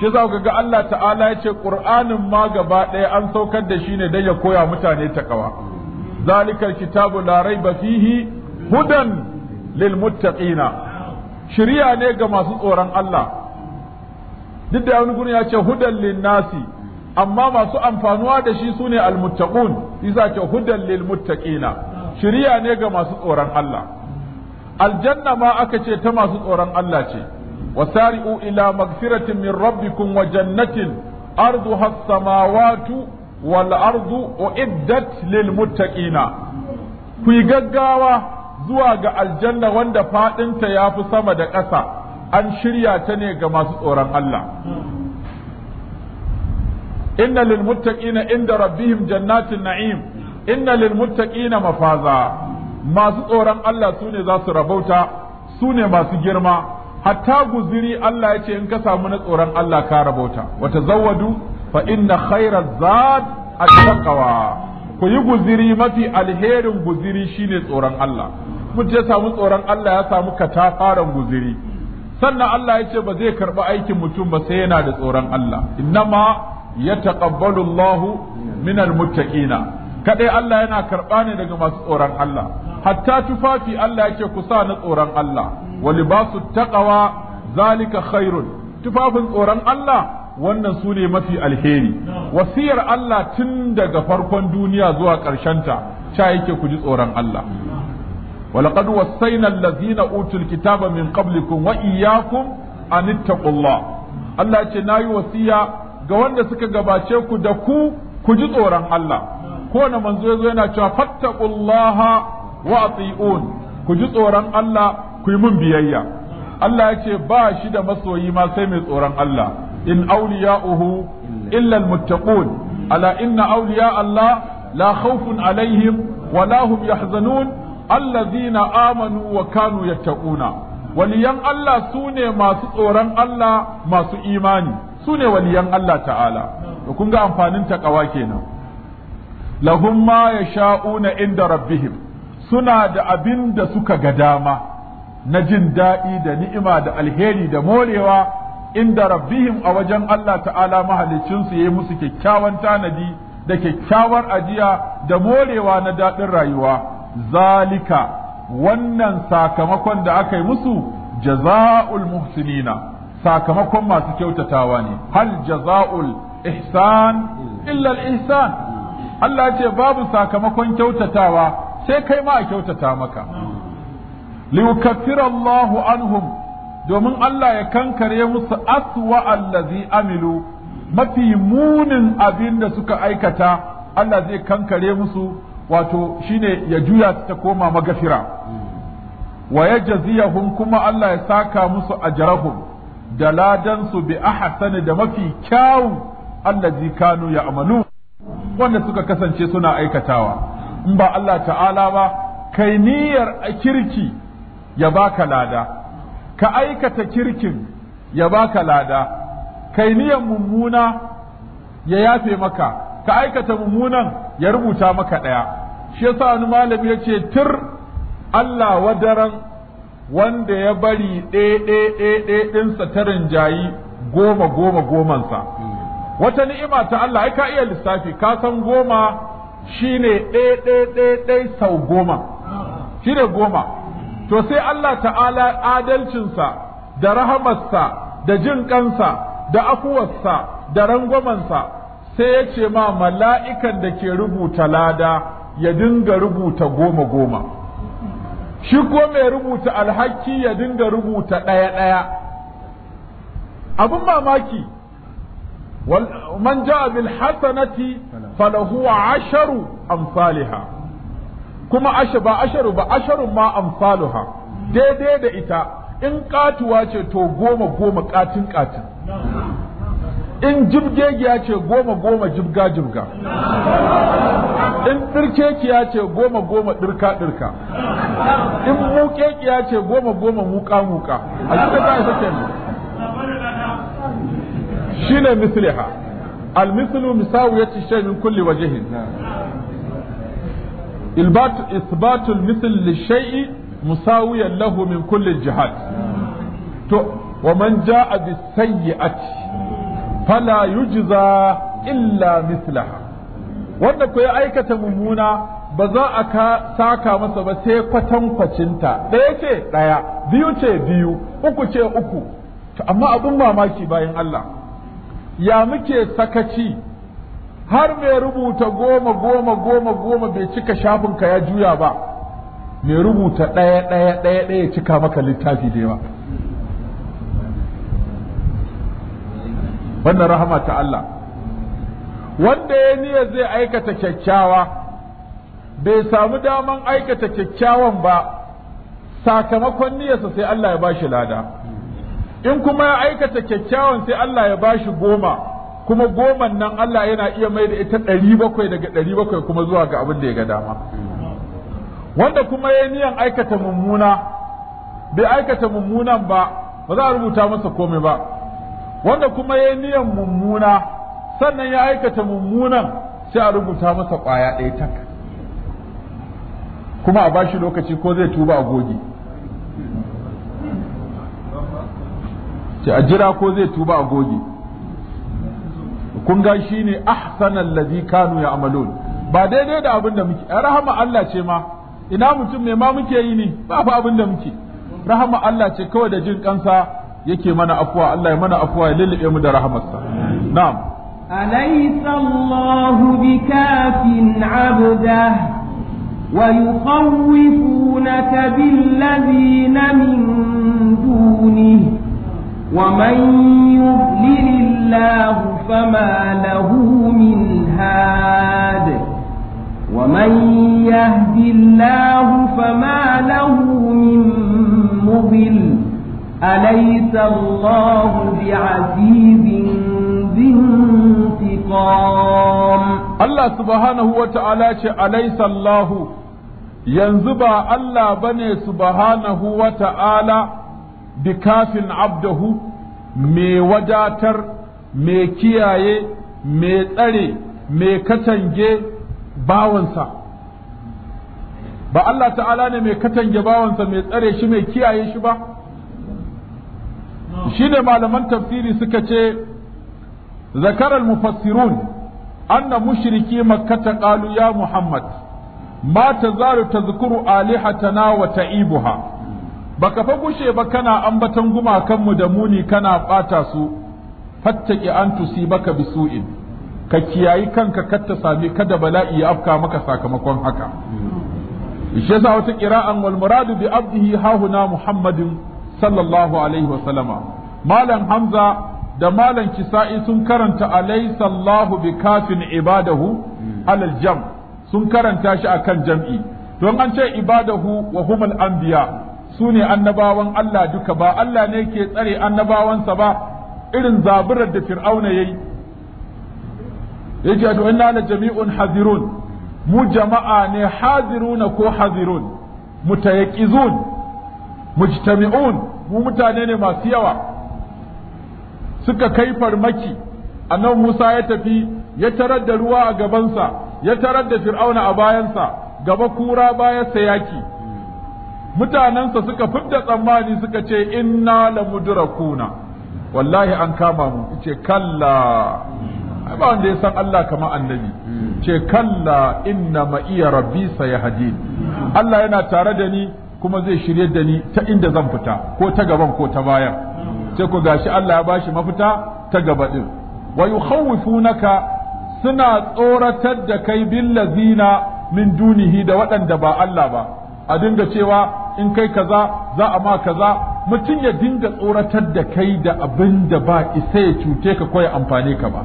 shi za ku ga Allah ta'ala ya ce ƙur'anin ma gaba ɗaya an saukar da shi ne don ya koya mutane ta takawa zalikar kitabu Larai ba fihi hudan lil muttaqina shirya ne ga masu tsoron Allah duk da wani gurin ya ce hudan lil nasi amma masu amfanuwa da shi sune al muttaqun isa ce hudan lil muttaqina shiriya ne ga masu tsoron Allah aljanna ma aka ce ta masu tsoron Allah ce وسارئوا إلى مغفرة من ربكم وجنة أرضها السماوات والأرض أعدت للمتقين في غغاوة زواج الجنة وند فاتن تياف سمد قسا أن شريا تني كما سوران الله إن للمتقين عند ربهم جنات النعيم إن للمتقين مفازا ما سوران الله سوني ذا سربوتا سوني ما سجرما hatta guziri Allah ya ce in ka samu na tsoron Allah ka rabauta wa tazawwadu fa inna khayra zad at-taqwa ku yi guziri mafi alherin guziri shine tsoron Allah mu je samu tsoron Allah ya samu katafaren guziri sannan Allah ya ce ba zai karɓi aikin mutum ba sai yana da tsoron Allah innama ya taqabbalu Allahu minal muttaqina kadai Allah yana karɓa ne daga masu tsoron Allah hatta tufafi Allah ya ku sa na tsoron Allah wa libasu taqwa zalika khairun tufafin tsoron Allah wannan su ne mafi alheri wasiyar Allah tun daga farkon duniya zuwa ƙarshenta ta yake ku ji tsoron Allah ولقد وصينا الذين اوتوا الكتاب من قبلكم واياكم ان اتقوا الله Allah ce na yi wasiya ga wanda suka gabace ku da ku ku ji tsoron Allah kowane manzo ya yana cewa fattaqullaha wa ati'un ku ji tsoron Allah ku yi mun biyayya Allah ya ce ba shi da masoyi ma sai mai tsoron Allah in awliya'uhu illal almuttaqun ala inna awliya Allah la khawfun alaihim wa la hum yahzanun allazina amanu wa kanu yattaquna waliyan Allah sune masu tsoron Allah masu imani sune waliyan Allah ta'ala to kun ga amfanin takawa kenan lahum ma yasha'una inda rabbihim suna da abin da suka ga dama na jin daɗi da ni'ima da alheri da morewa inda rabbihim a wajen Allah ta'ala mahalicinsu ya yi musu kyakkyawan tanadi da kyakkyawar ajiya da morewa na daɗin rayuwa zalika wannan sakamakon da aka yi musu jaza'ul muhsinina sakamakon masu kyautatawa ne hal jaza'ul ihsan illa ihsan Allah ce babu sakamakon kyautatawa sai kai ma a kyautata maka liyukaffira Allahu anhum domin Allah ya kankare musu aswa allazi Aminu, mafi munin abin da suka aikata Allah zai kankare musu wato shine ya juya ta koma magafira wa yajziyahum kuma Allah ya saka musu ajrahum da ladan su bi ahsani da mafi kyawun allazi ya ya'malu wanda suka kasance suna aikatawa in ba Allah ta'ala ba kai niyyar kirki ya baka lada ka aikata kirkin ya baka lada kai niyan mummuna ya yafe maka ka aikata mummunan ya rubuta maka ɗaya shi yasa wani malami ya ce tir Allah wadaran wanda ya bari ɗinsa ta rinjayi goma goma gomansa wata ni'ima ta Allah ai ka iya lissafi ka san goma shine ɗaya sau goma shine goma to sai Allah ta'ala adalcinsa da rahamarsa da jin kansa da afuwarsa da rangwamansa sai ya ce ma mala'ikan da ke rubuta lada ya dinga rubuta goma goma shi ko mai rubuta alhaki ya dinga rubuta ɗaya ɗaya abin mamaki man ja'a bil hasanati falahu asharu Amsaliha. kuma ashe ba asharu ba asharu ma amsaluha daidai da ita in katuwa ce to goma goma katin katin in jibgegiya ce goma goma jibga jibga in ɗirkekiya ce goma goma ɗirka ɗirka in mukekiya ce goma goma muka muka. a shi ta isa ke shi ne misliha al misawu ya shay'in kulli wajhin isbatul misl lishai'i musawiyan lahu min kullin jihad to wa man ja'a bisayyi'ati fala yujza illa mislaha wanda ku ya aikata mummuna ba za a ka saka masa ba sai kwatankwacinta ɗaya ce ɗaya biyu ce biyu uku ce uku to amma abin mamaki bayan Allah ya muke sakaci har mai rubuta goma goma goma goma bai cika shafin ka ya juya ba mai rubuta ɗaya ɗaya ɗaya ɗaya cika maka littafi da yawa wannan rahama ta Allah wanda ya niyyar zai aikata kyakkyawa bai samu daman aikata kyakkyawan ba sakamakon niyyarsa sai Allah ya bashi lada in kuma ya aikata kyakkyawan sai Allah ya bashi goma kuma goman nan Allah yana iya mai da ita ɗari bakwai daga ɗari bakwai kuma zuwa ga abin da ya ga dama wanda kuma ya niyan aikata mummuna bai aikata mummunan ba ba za a rubuta masa komai ba wanda kuma ya niyan mummuna sannan ya aikata mummunan sai a rubuta masa ƙwaya ɗaya tak kuma a bashi lokaci ko zai tuba a goge a jira ko zai tuba a goge kun ga ne ahsanal ladhi kanu ya'malun ba daidai da abin da muke eh, rahama Allah ce ma ina mutum ne ma muke yi ne ba fa abin da muke rahama Allah ce kawai da jin kansa yake mana afuwa Allah ya mana afuwa ya lullube mu da rahamarsa na'am alaysa Allahu bikafin 'abda wa yuqawwifunaka billadhina min dunihi ومن يضلل الله فما له من هاد ومن يهد الله فما له من مضل أليس الله بعزيز ذي انتقام الله سبحانه وتعالى أليس الله ينزبع الله بني سبحانه وتعالى bikafin abdahu mai wadatar mai kiyaye mai tsare mai katange bawansa ba Allah ta'ala ne mai katange bawansa mai tsare shi mai kiyaye shi ba shi ne malaman tafsiri suka ce zakarar mufassirun anna mushriki makkata qalu ya muhammad ma tazaru tazkuru alihatana wa ta'ibuha baka fa gushe ba kana ambaton gumakanmu da muni kana bata su fattaki an tusibaka bisu'in ka kiyayi kanka kar ta sami kada bala'i ya afka maka sakamakon haka shi yasa wata qira'an wal muradu bi abdihi hahuna muhammadin sallallahu alaihi wa sallama malam hamza da malam kisa'i sun karanta alaysa allahu bi kafin ibadahu alal jam sun karanta shi akan jam'i don an ce ibadahu wa humul anbiya' su ne annabawan Allah duka ba Allah ne ke tsare annabawansa ba irin zaburar da fir'auna yayi yake to inna la jami'un hazirun mu jama'a ne haziruna ko hazirun mutayaqizun mujtami'un mu mutane ne masu yawa suka kai farmaki annabi Musa ya tafi ya tarar da ruwa a gabansa ya tarar da fir'auna a bayansa gaba kura baya sayaki yaki mutanensa suka fidda tsammani suka ce inna la mudrakuna wallahi an kama mu ce kalla ai ba wanda ya san Allah kamar annabi ce kalla inna ma iya rabbi sayahdin Allah yana tare da ni kuma zai shirye da ni ta inda zan fita ko ta gaban ko ta bayan sai ku gashi Allah ya bashi mafita ta gaba din wa yukhawifunaka suna tsoratar da kai billazina min dunihi da waɗanda ba Allah ba a dinga cewa in kai kaza za a ma kaza mutum ya dinga tsoratar da kai da abin da ba isa ya cuce ka koya amfani ka ba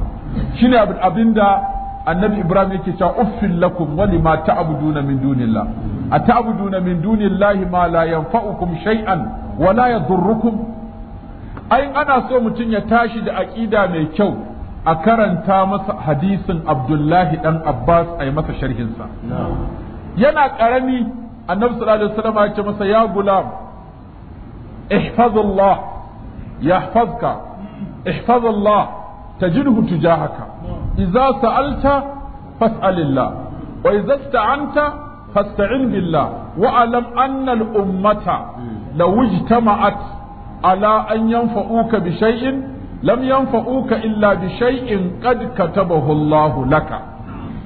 shine abin da annabi ibrahim yake cewa uffin lakum wa lima ta'buduna min dunillah ata'buduna min dunillahi ma la yanfa'ukum shay'an wa la yadurrukum ai ana so mutum ya tashi da aqida mai kyau a karanta masa hadisin abdullahi dan abbas ai masa sharhinsa yana ƙarami. annabi sallallahu alaihi wasallam ya ce masa ya gulam ihfazullah yahfazka ihfazullah tajidhu tujahaka idza sa'alta fas'alillah wa idza ista'anta fasta'in billah wa alam anna al ummata law ijtama'at ala an yanfa'uka bi shay'in lam yanfa'uka illa bi shay'in qad katabahu Allah laka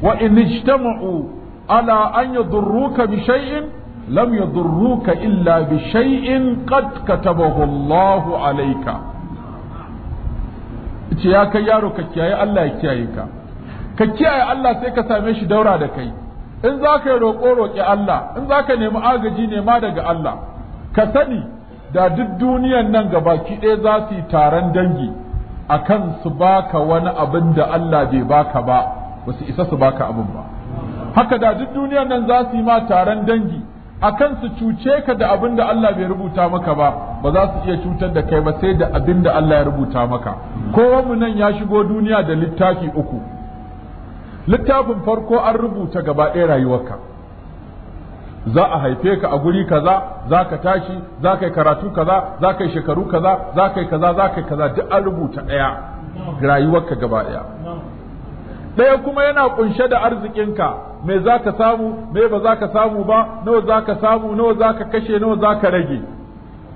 wa in ijtama'u ala an yadurruka bi shay'in lam yadurruka illa bi shay'in qad katabahu Allahu ce ya kai yaro ka kiyaye Allah ya kiyaye ka ka kiyaye Allah sai ka same shi daura da kai in za ka roƙo roƙi Allah in za ka nemi agaji nema daga Allah ka sani da duk duniyan nan gabaki ɗaya za su yi taron dangi a kan su baka wani abin da Allah bai baka ba ba su isa su baka abin ba haka da duk duniyar nan za su yi ma taron dangi a kan su cuce ka da abin da Allah bai rubuta maka ba ba za su iya cutar da kai ba sai da abin da Allah ya rubuta maka mu nan ya shigo duniya da littafi uku littafin farko an rubuta gaba ɗaya rayuwarka za a haife ka a guri kaza za ka tashi za ka yi karatu kaza za ka yi shekaru kaza za ka yi kaza za ka yi kaza duk an rubuta ɗaya rayuwarka gaba ɗaya ɗaya kuma yana ƙunshe da arzikinka me za ka samu me ba za ka samu ba nawa za ka samu nawa za ka kashe nawa za ka rage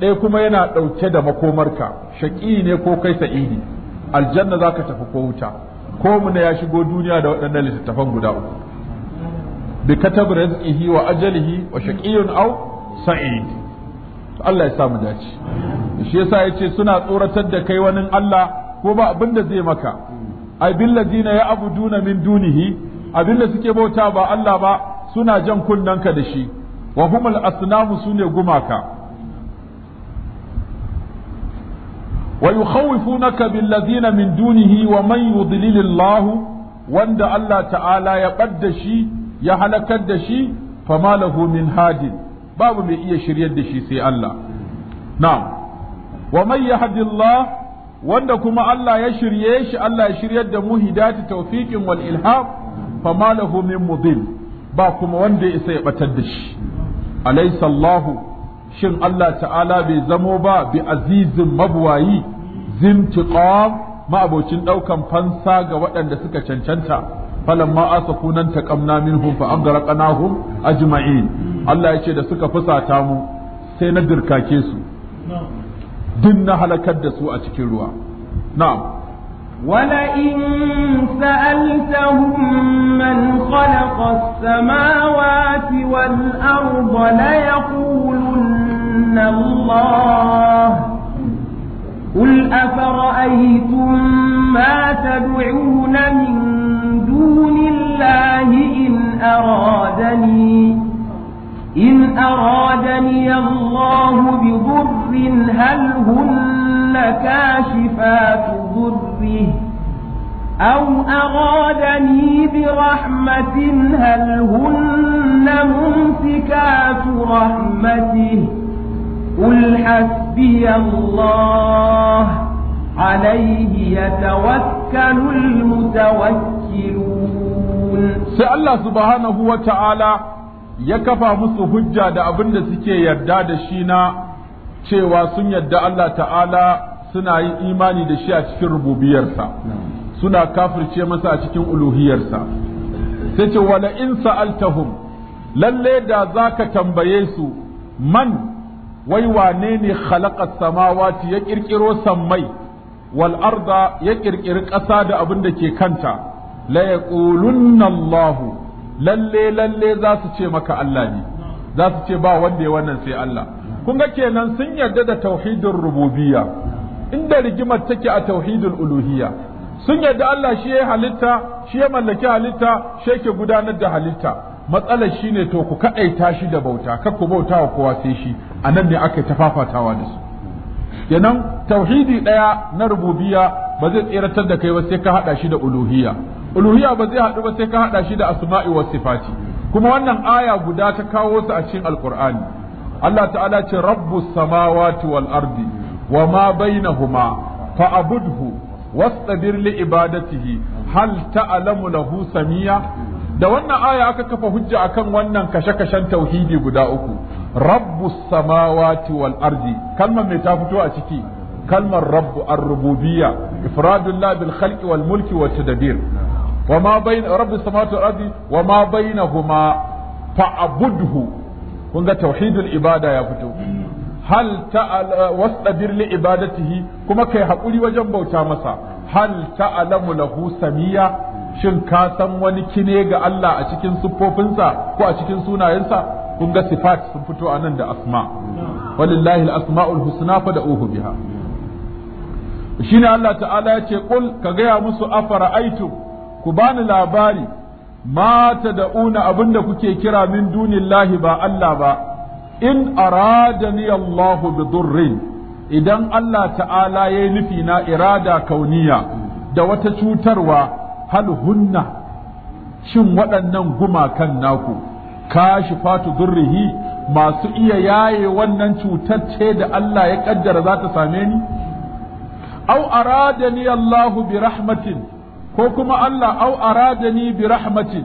ɗaya kuma yana ɗauke da makomarka shaƙi ne ko kai sa'idi aljanna za ka tafi ko wuta ko muna ya shigo duniya da waɗannan littattafan guda uku bi katabu rizqihi wa ajalihi wa shaqiyun aw sa'id Allah ya sa mu dace shi yasa yace suna tsoratar da kai wani Allah ko ba abin da zai maka ay billadina ya ya'buduna min dunihi abinda suke bauta ba Allah ba suna jan kunnanka da shi wa humul asnamu sune gumaka wa yukhawifunaka billazina min dunihi wa man yudlilillahu wanda Allah ta'ala ya badda shi ya halakar da shi fama lahu min hadin babu mai iya shiryar da shi sai Allah na'am wa man yahdillah wanda kuma Allah ya shirye shi Allah ya shiryar da mu hidayat tawfiqin wal ilham Fa lahu min mudil ba kuma wanda ya isa ya batar da shi alaysa Allahu shin Allah ta'ala bai zamo ba bi azizin mabuwayi zintiqam ma'abocin daukan fansa ga waɗanda suka cancanta falamma asakunan taqamna minhum fa aghraqnahum ajma'in Allah ya ce da suka fusata mu sai na dirkake su din na halakar da su a cikin ruwa na'am ولئن سألتهم من خلق السماوات والأرض ليقولن الله قل أفرأيتم ما تدعون من دون الله إن أرادني إن أرادني الله بضر هل هن كاشفات ضره أو أرادني برحمة هل هن ممسكات رحمته قل حسبي الله عليه يتوكل المتوكلون سأل الله سبحانه وتعالى ya kafa musu hujja da abin da suke yarda da shi na cewa sun yarda Allah ta'ala suna yi imani da shi a cikin rububiyarsa suna kafirce masa a cikin uluhiyarsa sai ce wala in sa'altahum lalle da zaka tambaye su man wai wane ne khalaqa samawati ya kirkiro sammai wal arda ya kirkiri ƙasa da abin da ke kanta la yaqulunna Allahu lalle lalle za su ce maka Allah ne za su ce ba wanda ya wannan sai Allah kun ga kenan sun yarda da tauhidin rububiyya inda rigimar take a tauhidul uluhiyya sun yarda Allah shi ya halitta shi ya mallaki halitta shi yake gudanar da halitta matsalar shine to ku kaɗaita shi da bauta kar ku bauta wa kowa sai shi a nan ne aka tafafatawa da su kenan tauhidi daya na rububiyya ba zai tseratar da kai ba sai ka hada shi da uluhiyya uluhiyya ba zai hadu ba sai ka hada shi da asma'i wa sifati kuma wannan aya guda ta kawo su a cikin alqur'ani Allah ta'ala ce rabbus samawati wal ardi wa ma bainahuma abudhu wastabir li ibadatihi hal ta'lamu lahu samiya da wannan aya aka kafa hujja akan wannan kashe-kashen tauhidi guda uku rabbus samawati wal ardi kalmar mai ta fito a ciki kalmar rabbu ar-rububiyya ifradullah bil khalqi wal mulki wat tadbir wa ma bain rabbis samawati wal ardi wa ma bainahuma fa'budhu kun ga tauhidul ibada ya fito hal ta'ala wastabir li ibadatihi kuma kai hakuri wajen bauta masa hal ta'lamu lahu samiya shin ka san wani kine ga Allah a cikin siffofinsa ko a cikin sunayensa kun ga sifat sun fito anan da asma walillahi al-asma'ul husna fad'uhu biha Shin Allah ta'ala ya ce ka gaya musu afara aitu ku bani labari mata ma abin da kuke kira min dunillahi ba Allah ba in ni Allah bi durrin idan Allah ta'ala yayi nufi na irada kauniya da wata cutarwa hal hunna shin waɗannan gumakan naku kashi fatu durrihi masu iya yaye wannan cutar ce da Allah ya kaddara za ta same ni au aradani Allahu bi rahmatin ko kuma Allah au aradani bi rahmatin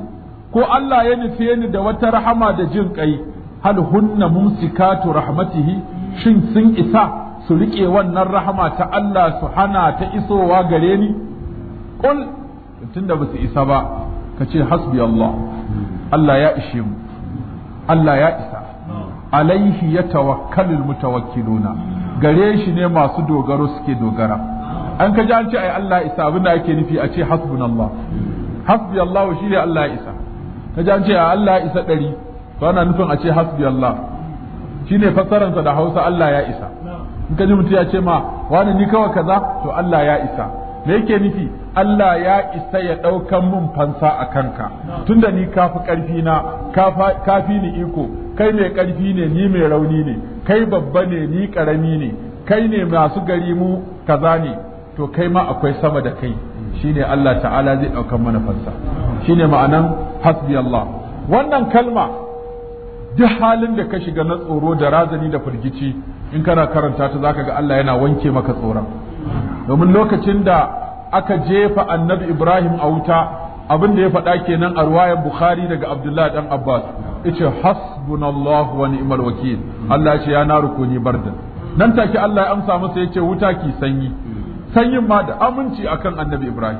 ko Allah ya nufi ni da wata rahama da jin kai hal hunna mumsikatu rahmatihi shin sun isa su rike wannan rahama ta Allah su ta isowa gare ni kul tunda ba su isa ba ka ce hasbi Allah Allah ya ishe mu Allah ya isa alaihi ya tawakkalul mutawakkiluna gare shi ne masu dogaro suke dogara an ka ji an ce ai Allah isa abin da ake nufi a ce hasbunallah hasbi Allah shi ne Allah isa ka ji an ce ai Allah isa ɗari to ana nufin a ce hasbi Allah shi ne fassararsa da Hausa Allah ya isa in ka ji mutum ya ce ma wani ni kawai kaza to Allah ya isa me yake nufi Allah ya isa ya ɗaukan mun fansa a kanka tunda ni kafi ƙarfi na kafi ni iko kai mai ƙarfi ne ni mai rauni ne kai babba ne ni ƙarami ne kai ne masu gari mu kaza ne to kai ma akwai sama da kai shine Allah ta'ala zai fansa. manufarsa shine ma'anan hasbi Allah wannan kalma duk halin da ka shiga na tsoro da razani da firgici in kana karanta ta zaka ga Allah yana wanke maka tsoron domin lokacin da aka jefa annabi Ibrahim a wuta abin da ya faɗa kenan a ruwayar Bukhari daga Abdullahi dan Abbas yace hasbunallahu wa ni'mal wakil Allah ya ce ya naru kuni bardan nan take Allah ya amsa masa yace wuta ki sanyi sanyin ma da aminci akan annabi ibrahim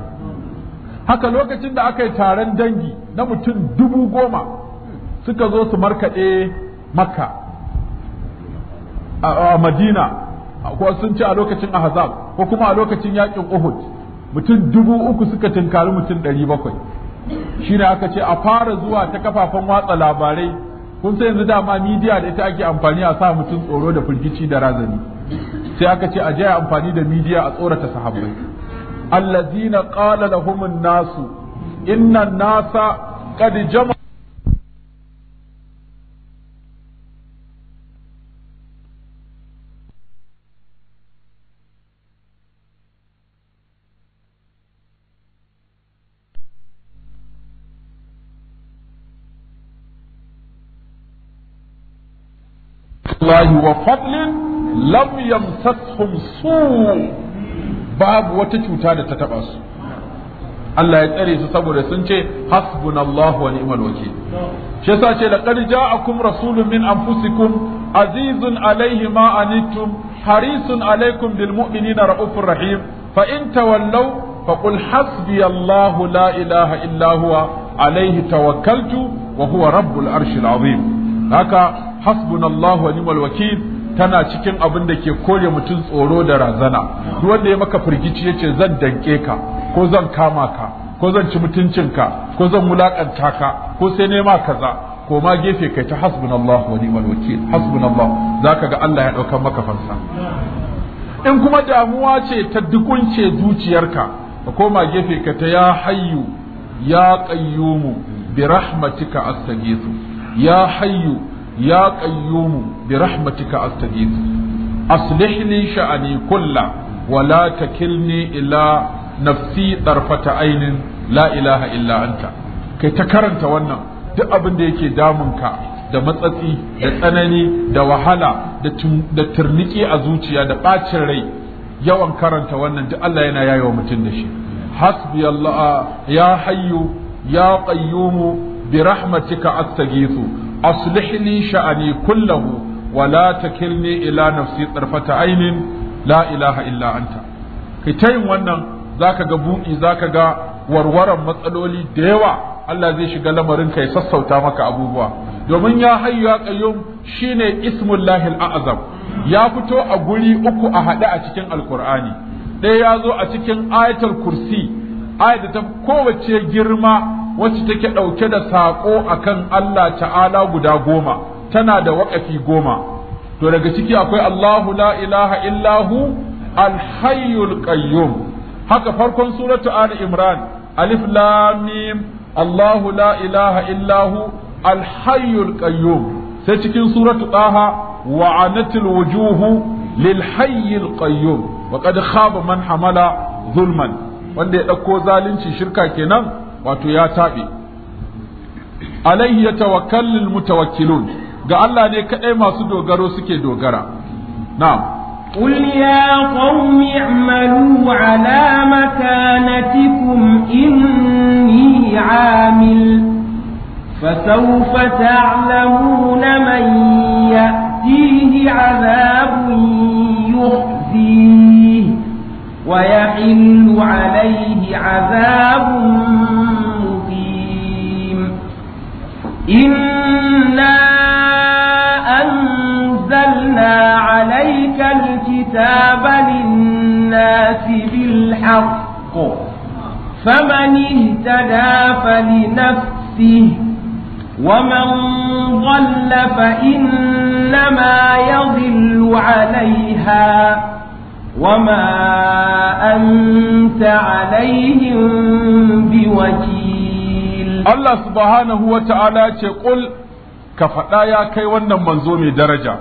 haka lokacin da aka yi taron dangi na mutum dubu goma suka zo su markaɗe makka a madina ko sun ce a lokacin ahzab ko kuma a lokacin yakin uhud mutum dubu uku suka tunkari mutum ɗari bakwai shi ne aka ce a fara zuwa ta kafafen watsa labarai kun sai yanzu dama midiya da ita ake amfani a sa mutum tsoro da firgici da razani sai aka ce a jaya amfani da midiya a tsorata sahabbai allazina qala lahum an-nasu inna an-nasa qad jama الله وفضل lam yamsashum su babu wata cuta da ta taba su Allah ya tsare su saboda sun ce hasbunallahu wa ni'mal wakil shi yasa ce laqad ja'akum rasulun min anfusikum azizun alayhi ma anittum harisun alaykum bil mu'minina raufur rahim fa in tawallaw faqul hasbiyallahu la ilaha illa huwa alayhi tawakkaltu wa huwa rabbul arshil azim haka hasbunallahu wa ni'mal wakil tana cikin abin da ke kore mutum tsoro da razana duk wanda ya maka firgici yace zan danke ka ko zan kama ka ko zan ci ka ko zan wulakanta ka ko sai nema kaza ko ma gefe kai ta hasbunallahu wa ni'mal wakil hasbunallahu zaka ga Allah ya dauka maka fansa in kuma damuwa ce ta dukunce zuciyarka ka koma gefe ka ta ya hayyu ya qayyumu bi rahmatika astaghithu ya hayyu يا قيوم برحمتك أستغيث أصلح لي شأني كله ولا تكلني إلى نفسي طرفة عين لا إله إلا أنت كي تكرنت وانا duk abin da yake damunka da matsatsi da tsanani da wahala da turniki a zuciya da ɓacin rai yawan karanta wannan duk Allah yana wa mutum da shi hasbi Allah ya hayyu ya qayyumu bi rahmatika astaghithu aslih sha'ani kullahu wa la takilni ila nafsi tsarfata ainin la ilaha illa anta kai ta wannan zaka ga buɗi zaka ga warwaran matsaloli da yawa Allah zai shiga lamarin kai sassauta maka abubuwa domin ya hayyu ya shine ismul lahil ya fito a guri uku a haɗe a cikin alqur'ani ɗaya ya zo a cikin ayatul kursi da ta kowace girma wacce take ɗauke da saƙo akan Allah ta'ala guda goma tana da waƙafi goma to daga ciki akwai Allahu la ilaha illahu alhayyul qayyum haka farkon suratu ali imran alif lam mim Allahu la ilaha illahu alhayyul qayyum sai cikin suratu taha wa anatil wujuhu lil hayyil qayyum wa qad khaba man hamala zulman wanda ya ɗauko zalunci shirka kenan wato ya taɓe alaihi ya tawakkalul mutawakkilun ga Allah ne kaɗai masu dogaro suke dogara na'am قل يا قوم اعملوا على مكانتكم إني عامل فسوف تعلمون من يأتيه عذاب يخزيه ويحل عليه عذاب إنا أنزلنا عليك الكتاب للناس بالحق فمن اهتدى فلنفسه ومن ضل فإنما يضل عليها وما أنت عليهم بوكيل Allah subhanahu wa ta'ala ce ƙul ka faɗa ya kai wannan manzo mai daraja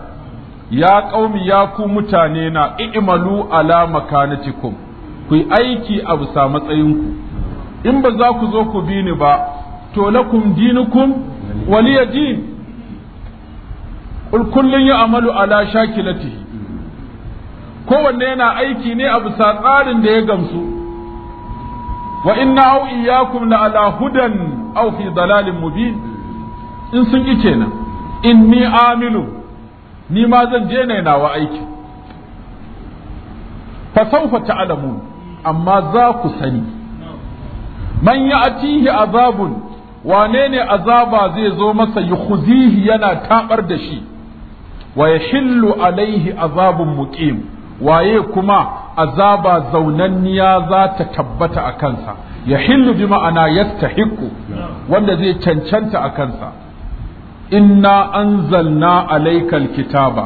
ya ƙaumi ya ku mutane na i'malu ala makanatikum ku yi aiki a bisa matsayinku in ba za ku zo ku bini ba to lakum dinukum waliya din kullun ya amalu ala shakilatihi kowanne yana aiki ne a bisa tsarin da ya gamsu wa inna au iyyakum la ala hudan aw fi dalalin mubin in sun ki kenan inni Aminu. ni ma zan je ne nawa aiki fa sawfa ta'lamun amma za ku sani man ya'tihi azabun wane ne azaba zai zo masa yukhzihi yana tabar da shi wa yahillu alaihi azabun muqim waye kuma azaba zaunanniya za ta tabbata a kansa ya hillu bi ma'ana yastahiqu wanda zai cancanta a kansa inna anzalna alaikal kitaba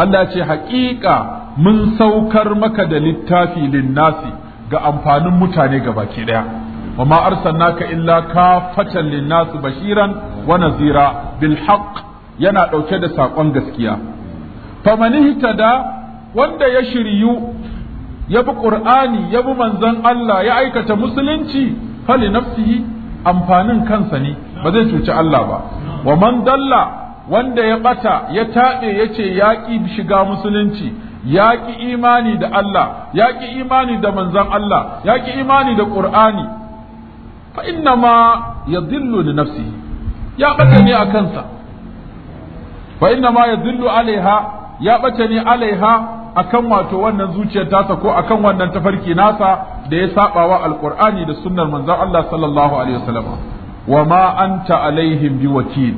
Allah ce haƙiƙa mun saukar maka da littafi linnasi ga amfanin mutane ga baki ɗaya wa ma arsalnaka illa fatan linnasi bashiran wa nazira bil haqq yana ɗauke da saƙon gaskiya faman da wanda ya shiryu ya bi qur'ani ya bi manzon Allah ya aikata musulunci fali nafsihi amfanin kansa ne ba zai cuci Allah ba wa man dalla wanda ya bata ya taɓe ya ce ya ƙi shiga musulunci ya ƙi imani da Allah ya ƙi imani da manzon Allah ya ƙi imani da qur'ani fa inna ma yadhillu li nafsihi ya bata ne a kansa fa inna ma yadhillu alaiha ya ɓace ne alaiha akan wato wannan zuciyar tasa ko akan wannan tafarki nasa da ya sabawa alqur'ani da sunnar Manzo. Allah sallallahu alaihi wasallam wa ma anta alaihim biwakil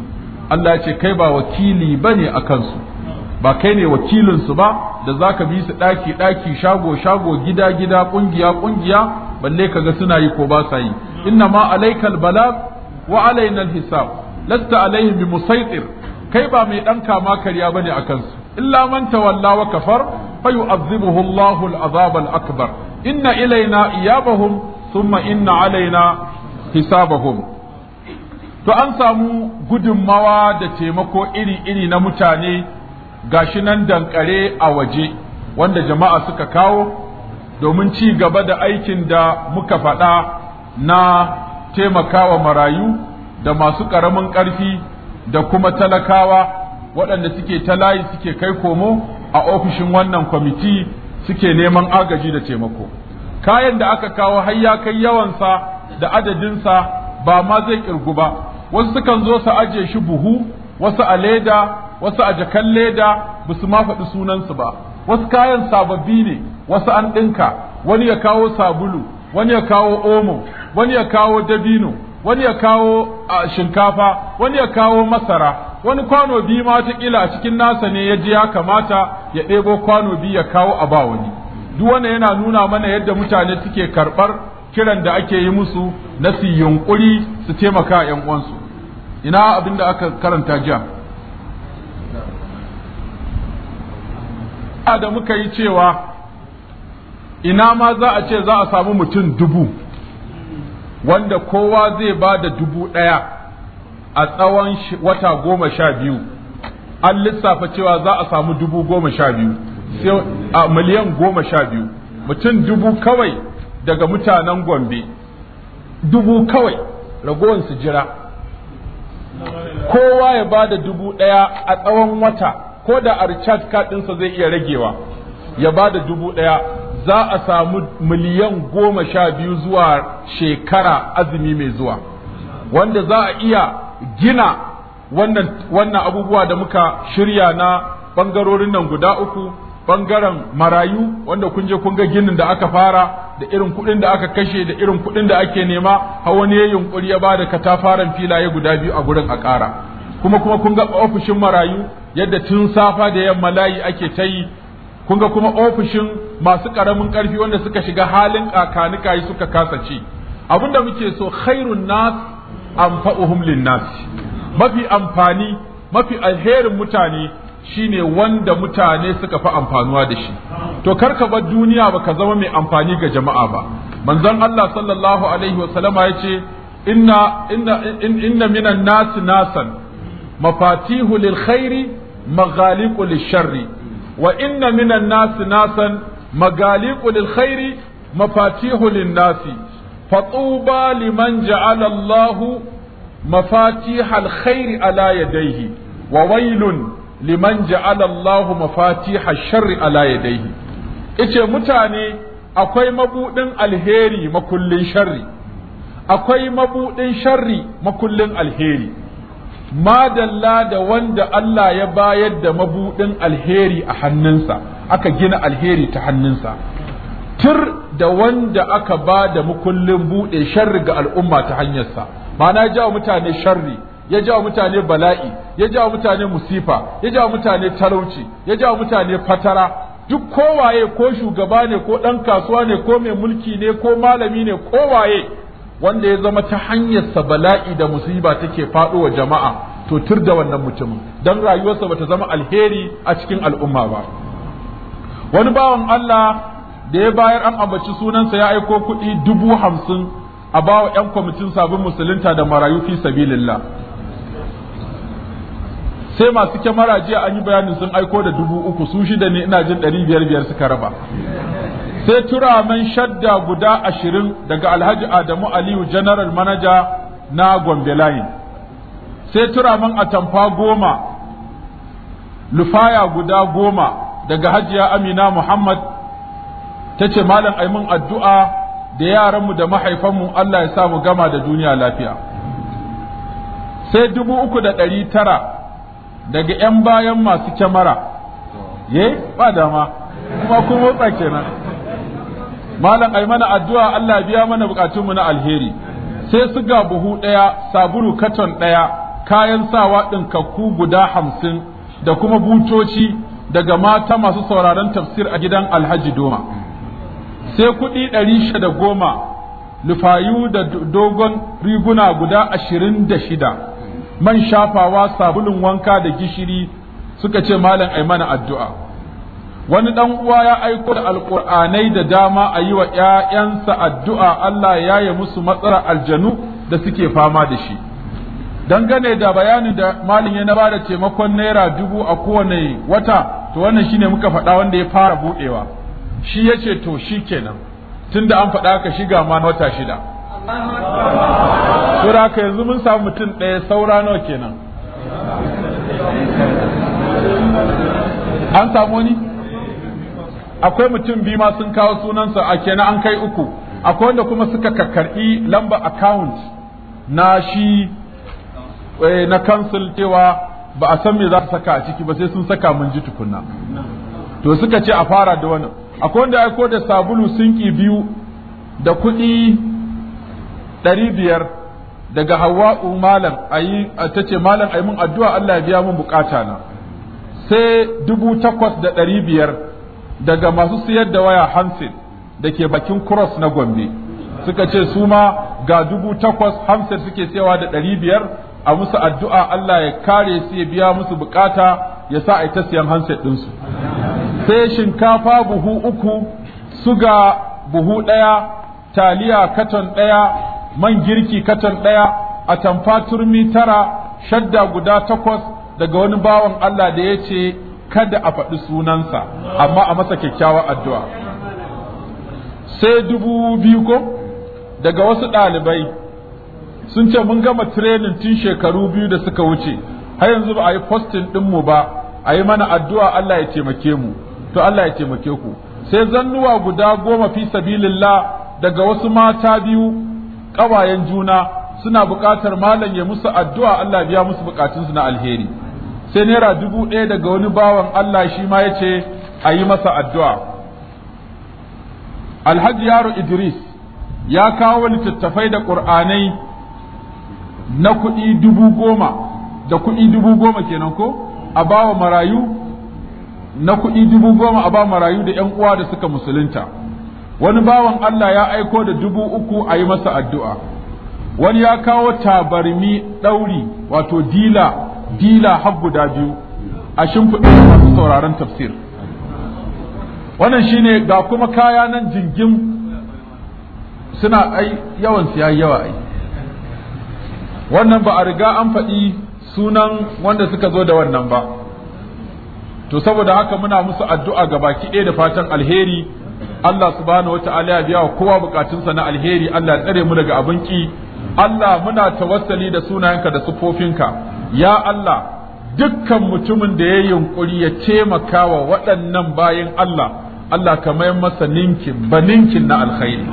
Allah ce kai ba wakili bane akan su ba kai ne wakilin su ba da zaka bi su daki daki shago shago gida gida kungiya kungiya balle kaga suna yi ko ba sa yi inna ma alaikal balagh wa alaina alhisab lasta alaihim bimusaitir kai ba mai dan kama karya bane akan su illa من تولى وكفر kafar الله Allahu الأكبر إن إلينا akbar inna ilaina علينا حسابهم alaina to an samu gudunmawa da taimako iri-iri na mutane gashi nan dankare a waje wanda jama'a suka kawo domin ci gaba da aikin da muka faɗa na taimakawa marayu da masu ƙaramin ƙarfi da kuma talakawa waɗanda suke ta layi suke kai komo a ofishin wannan kwamiti suke neman agaji da taimako kayan da aka kawo har ya kai yawansa da adadinsa ba ma zai ƙirgu ba wasu sukan zo su ajiye shi buhu wasu a leda wasu a jakan leda ba su ma faɗi sunansu ba wasu kayan sababbi ne wasu an ɗinka wani ya kawo sabulu wani ya kawo omo wani ya kawo dabino wani ya kawo shinkafa wani ya kawo masara wani kwano biyu ma watakila a cikin nasa ne ya ji ya kamata ya ɗebo kwano biyu ya kawo a ba wani duk wanda yana nuna mana yadda mutane suke karɓar kiran da ake yi musu na su yunƙuri su taimaka ‘yan uwansu ina abin da aka karanta jiya da muka yi cewa ina ma za a ce za a samu mutum dubu wanda kowa zai ba da dubu ɗaya a tsawon wata goma sha biyu an lissafa cewa za a samu dubu goma sha biyu a miliyan goma sha biyu mutum dubu kawai daga mutanen gombe dubu kawai ragowansu jira kowa ya ba da dubu ɗaya a tsawon wata ko da a recharge card ɗinsa zai iya ragewa ya ba da dubu ɗaya za a samu miliyan goma sha biyu zuwa shekara azumi mai zuwa wanda za a iya gina wannan wannan abubuwa da muka shirya na bangarorin nan guda uku bangaren marayu wanda kun je kun ga ginin da aka fara da irin kuɗin da aka kashe da irin kuɗin da ake nema har wani ya yunkuri ya bada katafaren filaye guda biyu a gurin a ƙara kuma kuma kun ga ofishin marayu yadda tun safa da yamma layi ake ta yi kun ga kuma ofishin masu ƙaramin ƙarfi wanda suka shiga halin kakanika suka kasa ci abinda muke so khairun nas anfa'uhum linnas mafi amfani mafi alherin mutane shine wanda mutane suka fi amfanuwa da shi to ka bar duniya baka zama mai amfani ga jama'a ba manzon Allah sallallahu alaihi wasallama yace inna inna inna minan nas nasan mafatihu lil khairi maghaliqu sharri wa inna minan nas nasan maghaliqu lil khairi mafatihu lin nasi fatuba liman al'allahu Allahu mafatihal khairi ala yadayhi wa wailun liman ja'ala Allahu mafatihal sharri ala ice mutane akwai mabudin alheri makullin sharri akwai mabudin sharri makullin alheri madalla da wanda Allah ya bayar da mabudin alheri a hannunsa aka gina alheri ta hannunsa tur da wanda aka ba da mukullin buɗe sharri ga al'umma ta hanyarsa ma'ana ya jawo mutane sharri ya jawo mutane bala'i ya jawo mutane musifa ya jawo mutane talauci ya jawo mutane fatara duk kowaye ko shugaba ne ko ɗan kasuwa ne ko mai mulki ne ko malami ne kowaye wanda ya zama ta hanyarsa bala'i da musiba take faɗowa jama'a to tur da wannan mutumin don rayuwarsa bata zama alheri a cikin al'umma ba wani bawan Allah da ya bayar an ambaci sunansa ya aiko kuɗi dubu hamsin a bawa 'yan kwamitin sabon musulunta da marayu fi sabilillah sai masu kyamara jiya an yi bayanin sun aiko da dubu uku su shida ne ina jin ɗari biyar biyar suka raba sai turaman shadda guda ashirin daga alhaji adamu aliyu general manager na gombe layin sai tura a atamfa goma lufaya guda goma daga hajiya amina muhammad ta ce malam ai mun addu'a da yaran mu da mahaifanmu Allah ya sa mu gama da duniya lafiya sai dubu uku da ɗari tara daga 'yan bayan masu kyamara ye ba dama kuma kun motsa kenan malam ai mana addu'a Allah biya mana bukatunmu na alheri sai su ga buhu ɗaya sabulu katon ɗaya kayan sawa ɗinkakku guda hamsin da kuma butoci daga mata masu sauraron tafsir a gidan alhaji doma sai kuɗi ɗari shida goma lufayu da dogon riguna guda ashirin da shida man shafawa sabulun wanka da gishiri suka ce malam ai mana addu'a wani ɗan uwa ya aiko da alƙur'anai da dama a yi wa ‘ya'yansa addu'a Allah ya yi musu matsara aljanu da suke fama da shi dangane da bayanin da malin ya na bada taimakon naira dubu a kowane wata to wannan shine muka faɗa wanda ya fara buɗewa shi ya ce to shi kenan tunda an faɗa ka shiga ma wata shida sura ka yanzu mun samu mutum ɗaya saura nawa kenan an samu wani akwai mutum biyu ma sun kawo sunansa a kenan an kai uku akwai wanda kuma suka karɓi lamba account na shi eh, na cancel cewa ba a san me za su saka a ciki ba sai sun saka mun ji tukunna to suka ce a fara da wannan akwai wanda aiko da sabulu sinki biyu da kuɗi ɗari biyar daga hawa'u malam ayi ta ce malam ayi mun addu'a Allah ya biya mun bukata na sai dubu takwas da ɗari biyar daga masu siyar da waya hamsin da ke bakin cross na gombe suka ce su ma ga dubu takwas hamsin suke sayawa da ɗari biyar a musu addu'a Allah ya kare su ya biya musu bukata ya sa a ta siyan handset ɗinsu sai shinkafa buhu uku suga buhu ɗaya taliya katon ɗaya man girki katon ɗaya a tamfa turmi tara shadda guda takwas daga wani bawan Allah da ya ce kada a faɗi sunansa amma a masa kyakkyawar addu'a sai dubu biyu ko daga wasu ɗalibai sun ce mun gama training tun shekaru biyu da suka wuce har yanzu ba a yi postin ɗinmu ba a yi mana addu'a Allah ya taimake mu to Allah ya taimake ku sai zannuwa guda goma fi sabilillah daga wasu mata biyu ƙawayen juna suna buƙatar malam ya musu addu'a Allah biya musu buƙatunsu na alheri sai naira dubu ɗaya daga wani bawan Allah shi ma ya ce a yi masa addu'a alhaji yaro idris ya kawo tattafai da ƙur'anai na kuɗi dubu goma da kuɗi dubu goma kenan ko a bawa marayu na kuɗi dubu goma a ba marayu da 'yan uwa da suka musulunta wani bawan Allah ya aiko da dubu uku a yi masa addu'a wani ya kawo tabarmi ɗauri wato dila dila har guda biyu a shimfiɗin masu sauraron tafsir wannan shine ga kuma kaya nan jingim suna ai yawan siya yawa ai wannan ba a riga an faɗi sunan wanda suka zo da wannan ba to saboda haka muna musu addu'a ga baki ɗaya da fatan alheri Allah subhanahu wata'ala ya biya wa kowa bukatunsa na alheri Allah ya tsare mu daga abin ki Allah muna tawassali da sunayenka da sufofinka, ya Allah dukkan mutumin da ya yunkuri ya taimaka wa waɗannan bayin Allah Allah ka mai masa ninkin ba na alkhairi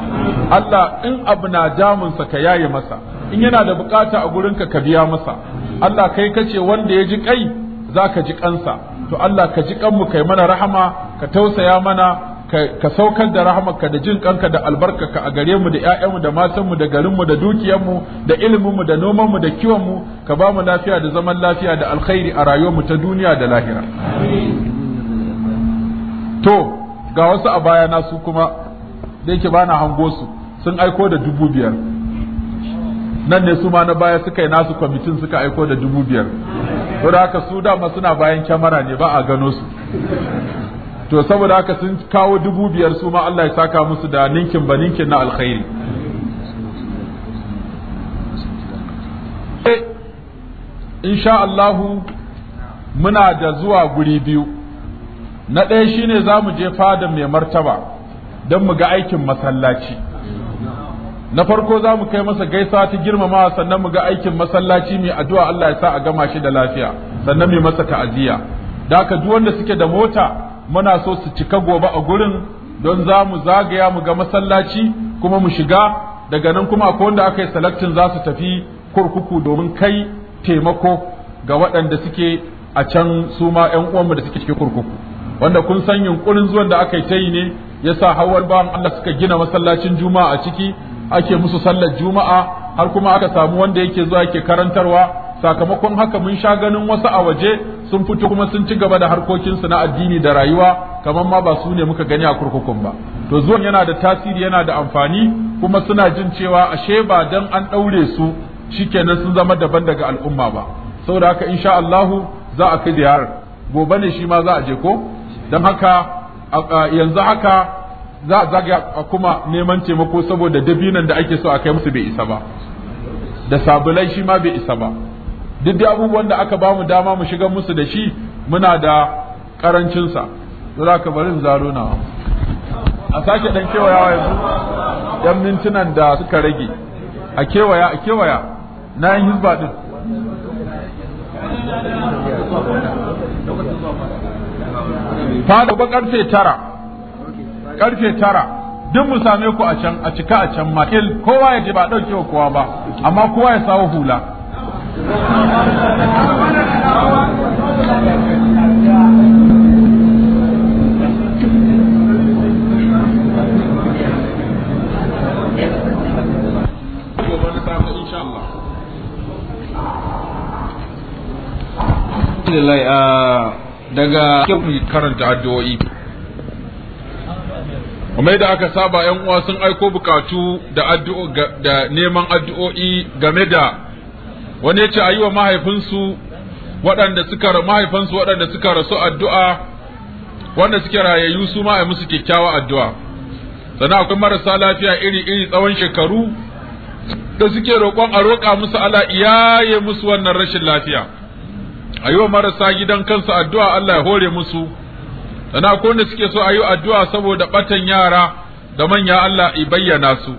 Allah in abu na damunsa ka yaye masa in yana da bukata a gurinka ka biya masa Allah kai kace wanda ya ji kai zaka ji kansa to Allah ka ji kanmu kai mana rahama ka tausaya mana ka saukar da rahamarka da jin kanka da albarkarka a gare mu da ƴaƴanmu da matanmu da garinmu da dukiyarmu da iliminmu da nomanmu da kiwonmu ka ba mu lafiya da zaman lafiya da alkhairi a rayuwarmu ta duniya da lahira to ga wasu a baya na su kuma da yake bana hango su sun aiko da dubu biyar nan ne su ma na baya suka yi nasu kwamitin suka aiko da dubu biyar saboda haka su dama suna bayan kyamara ne ba a gano su to saboda haka sun kawo dubu biyar su ma Allah ya saka musu da ninkin ba ninkin na alkhairi eh, insha Allahu muna da zuwa guri biyu na ɗaya shine za mu je fadan mai martaba don mu ga aikin masallaci na farko za mu kai masa gaisa ta girmama sannan mu ga aikin masallaci mai addu'a Allah ya sa a gama shi da lafiya sannan mai masa ta'aziyya da haka duk wanda suke da mota muna so su cika gobe a gurin don za mu zagaya mu ga masallaci kuma mu shiga daga nan kuma akwai wanda aka yi salakcin za su tafi kurkuku domin kai taimako ga waɗanda suke a can su ma ƴan uwanmu da suke cikin kurkuku wanda kun san yunkurin zuwan da aka yi ta yi ne ya sa hawar bawan Allah suka gina masallacin juma'a a ciki ake musu sallar juma'a har kuma aka samu wanda yake zuwa yake karantarwa sakamakon haka mun sha ganin wasu a waje sun fito kuma sun ci gaba da harkokinsu na addini da rayuwa kamar ma ba su ne muka gani a kurkukun ba to zuwan yana da tasiri yana da amfani kuma suna jin cewa ashe ba dan an ɗaure su shikenan sun zama daban daga al'umma ba saboda haka insha Allahu za a kai ziyarar gobe ne shi ma za a je ko dan haka yanzu haka za a zagaya kuma neman taimako saboda dabinan da ake so a kai musu bai isa ba da sabulai shi ma bai isa ba duk da abubuwan da aka ba mu dama mu shiga musu da shi muna da karancinsa za ka bari zaro na a sake dan kewaya yanzu dan mintunan da suka rage a kewaya a kewaya na yin hizba din fada bakar karfe tara karfe tara duk mu same ku a can a cika a can makil kowa ya je ba ɗauke wa kowa ba amma kowa ya sawo hula Alhamdulillah uh, daga yau karanta addu'o'i kuma da aka saba yan uwa sun aiko bukatu da addu'o da neman addu'o'i game da wani yace a wa mahaifinsu waɗanda suka mahaifansu waɗanda suka rasu addu'a wanda suke rayayyu su ma a musu kyakkyawa addu'a sannan akwai marasa lafiya iri iri tsawon shekaru da suke roƙon a roƙa musu Allah iyaye musu wannan rashin lafiya a marasa gidan kansu addu'a Allah ya hore musu Sana'a ko ne suke so a yi addu'a saboda batan yara da manya Allah i bayyana su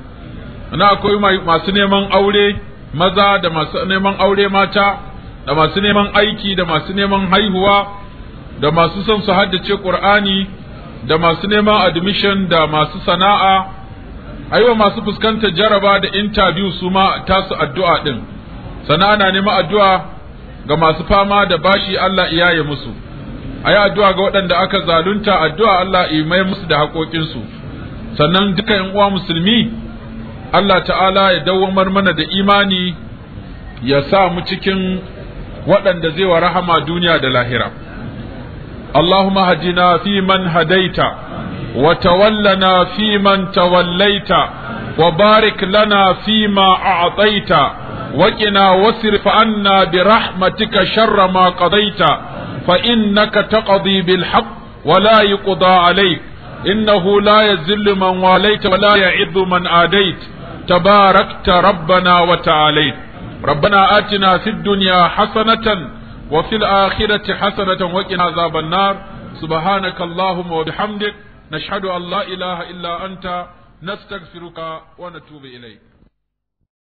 sannan akwai masu neman aure maza da masu neman aure mata da masu neman aiki da masu neman haihuwa da masu son su haddace Qur'ani da masu neman admission da masu sana'a aiwa masu fuskantar jaraba da interview su ma tasu addu'a din sana'a na neman addu'a ga masu fama da bashi Allah iyaye musu a yi addu'a ga waɗanda aka zalunta addu'a Allah imai musu da haƙoƙinsu sannan duka ‘yan uwa musulmi Allah ta'ala ya dawwamar mana da imani ya sa mu cikin waɗanda zai wa rahama duniya da lahira Allahumma na fi man hadaita wa tawallana fi man tawallaita wa barik lana fi ma a وقنا واصرف عنا برحمتك شر ما قضيت فإنك تقضي بالحق ولا يقضى عليك إنه لا يذل من واليت ولا يعذ من آديت تباركت ربنا وتعاليت ربنا آتنا في الدنيا حسنة وفي الآخرة حسنة وقنا عذاب النار سبحانك اللهم وبحمدك نشهد أن لا إله إلا أنت نستغفرك ونتوب إليك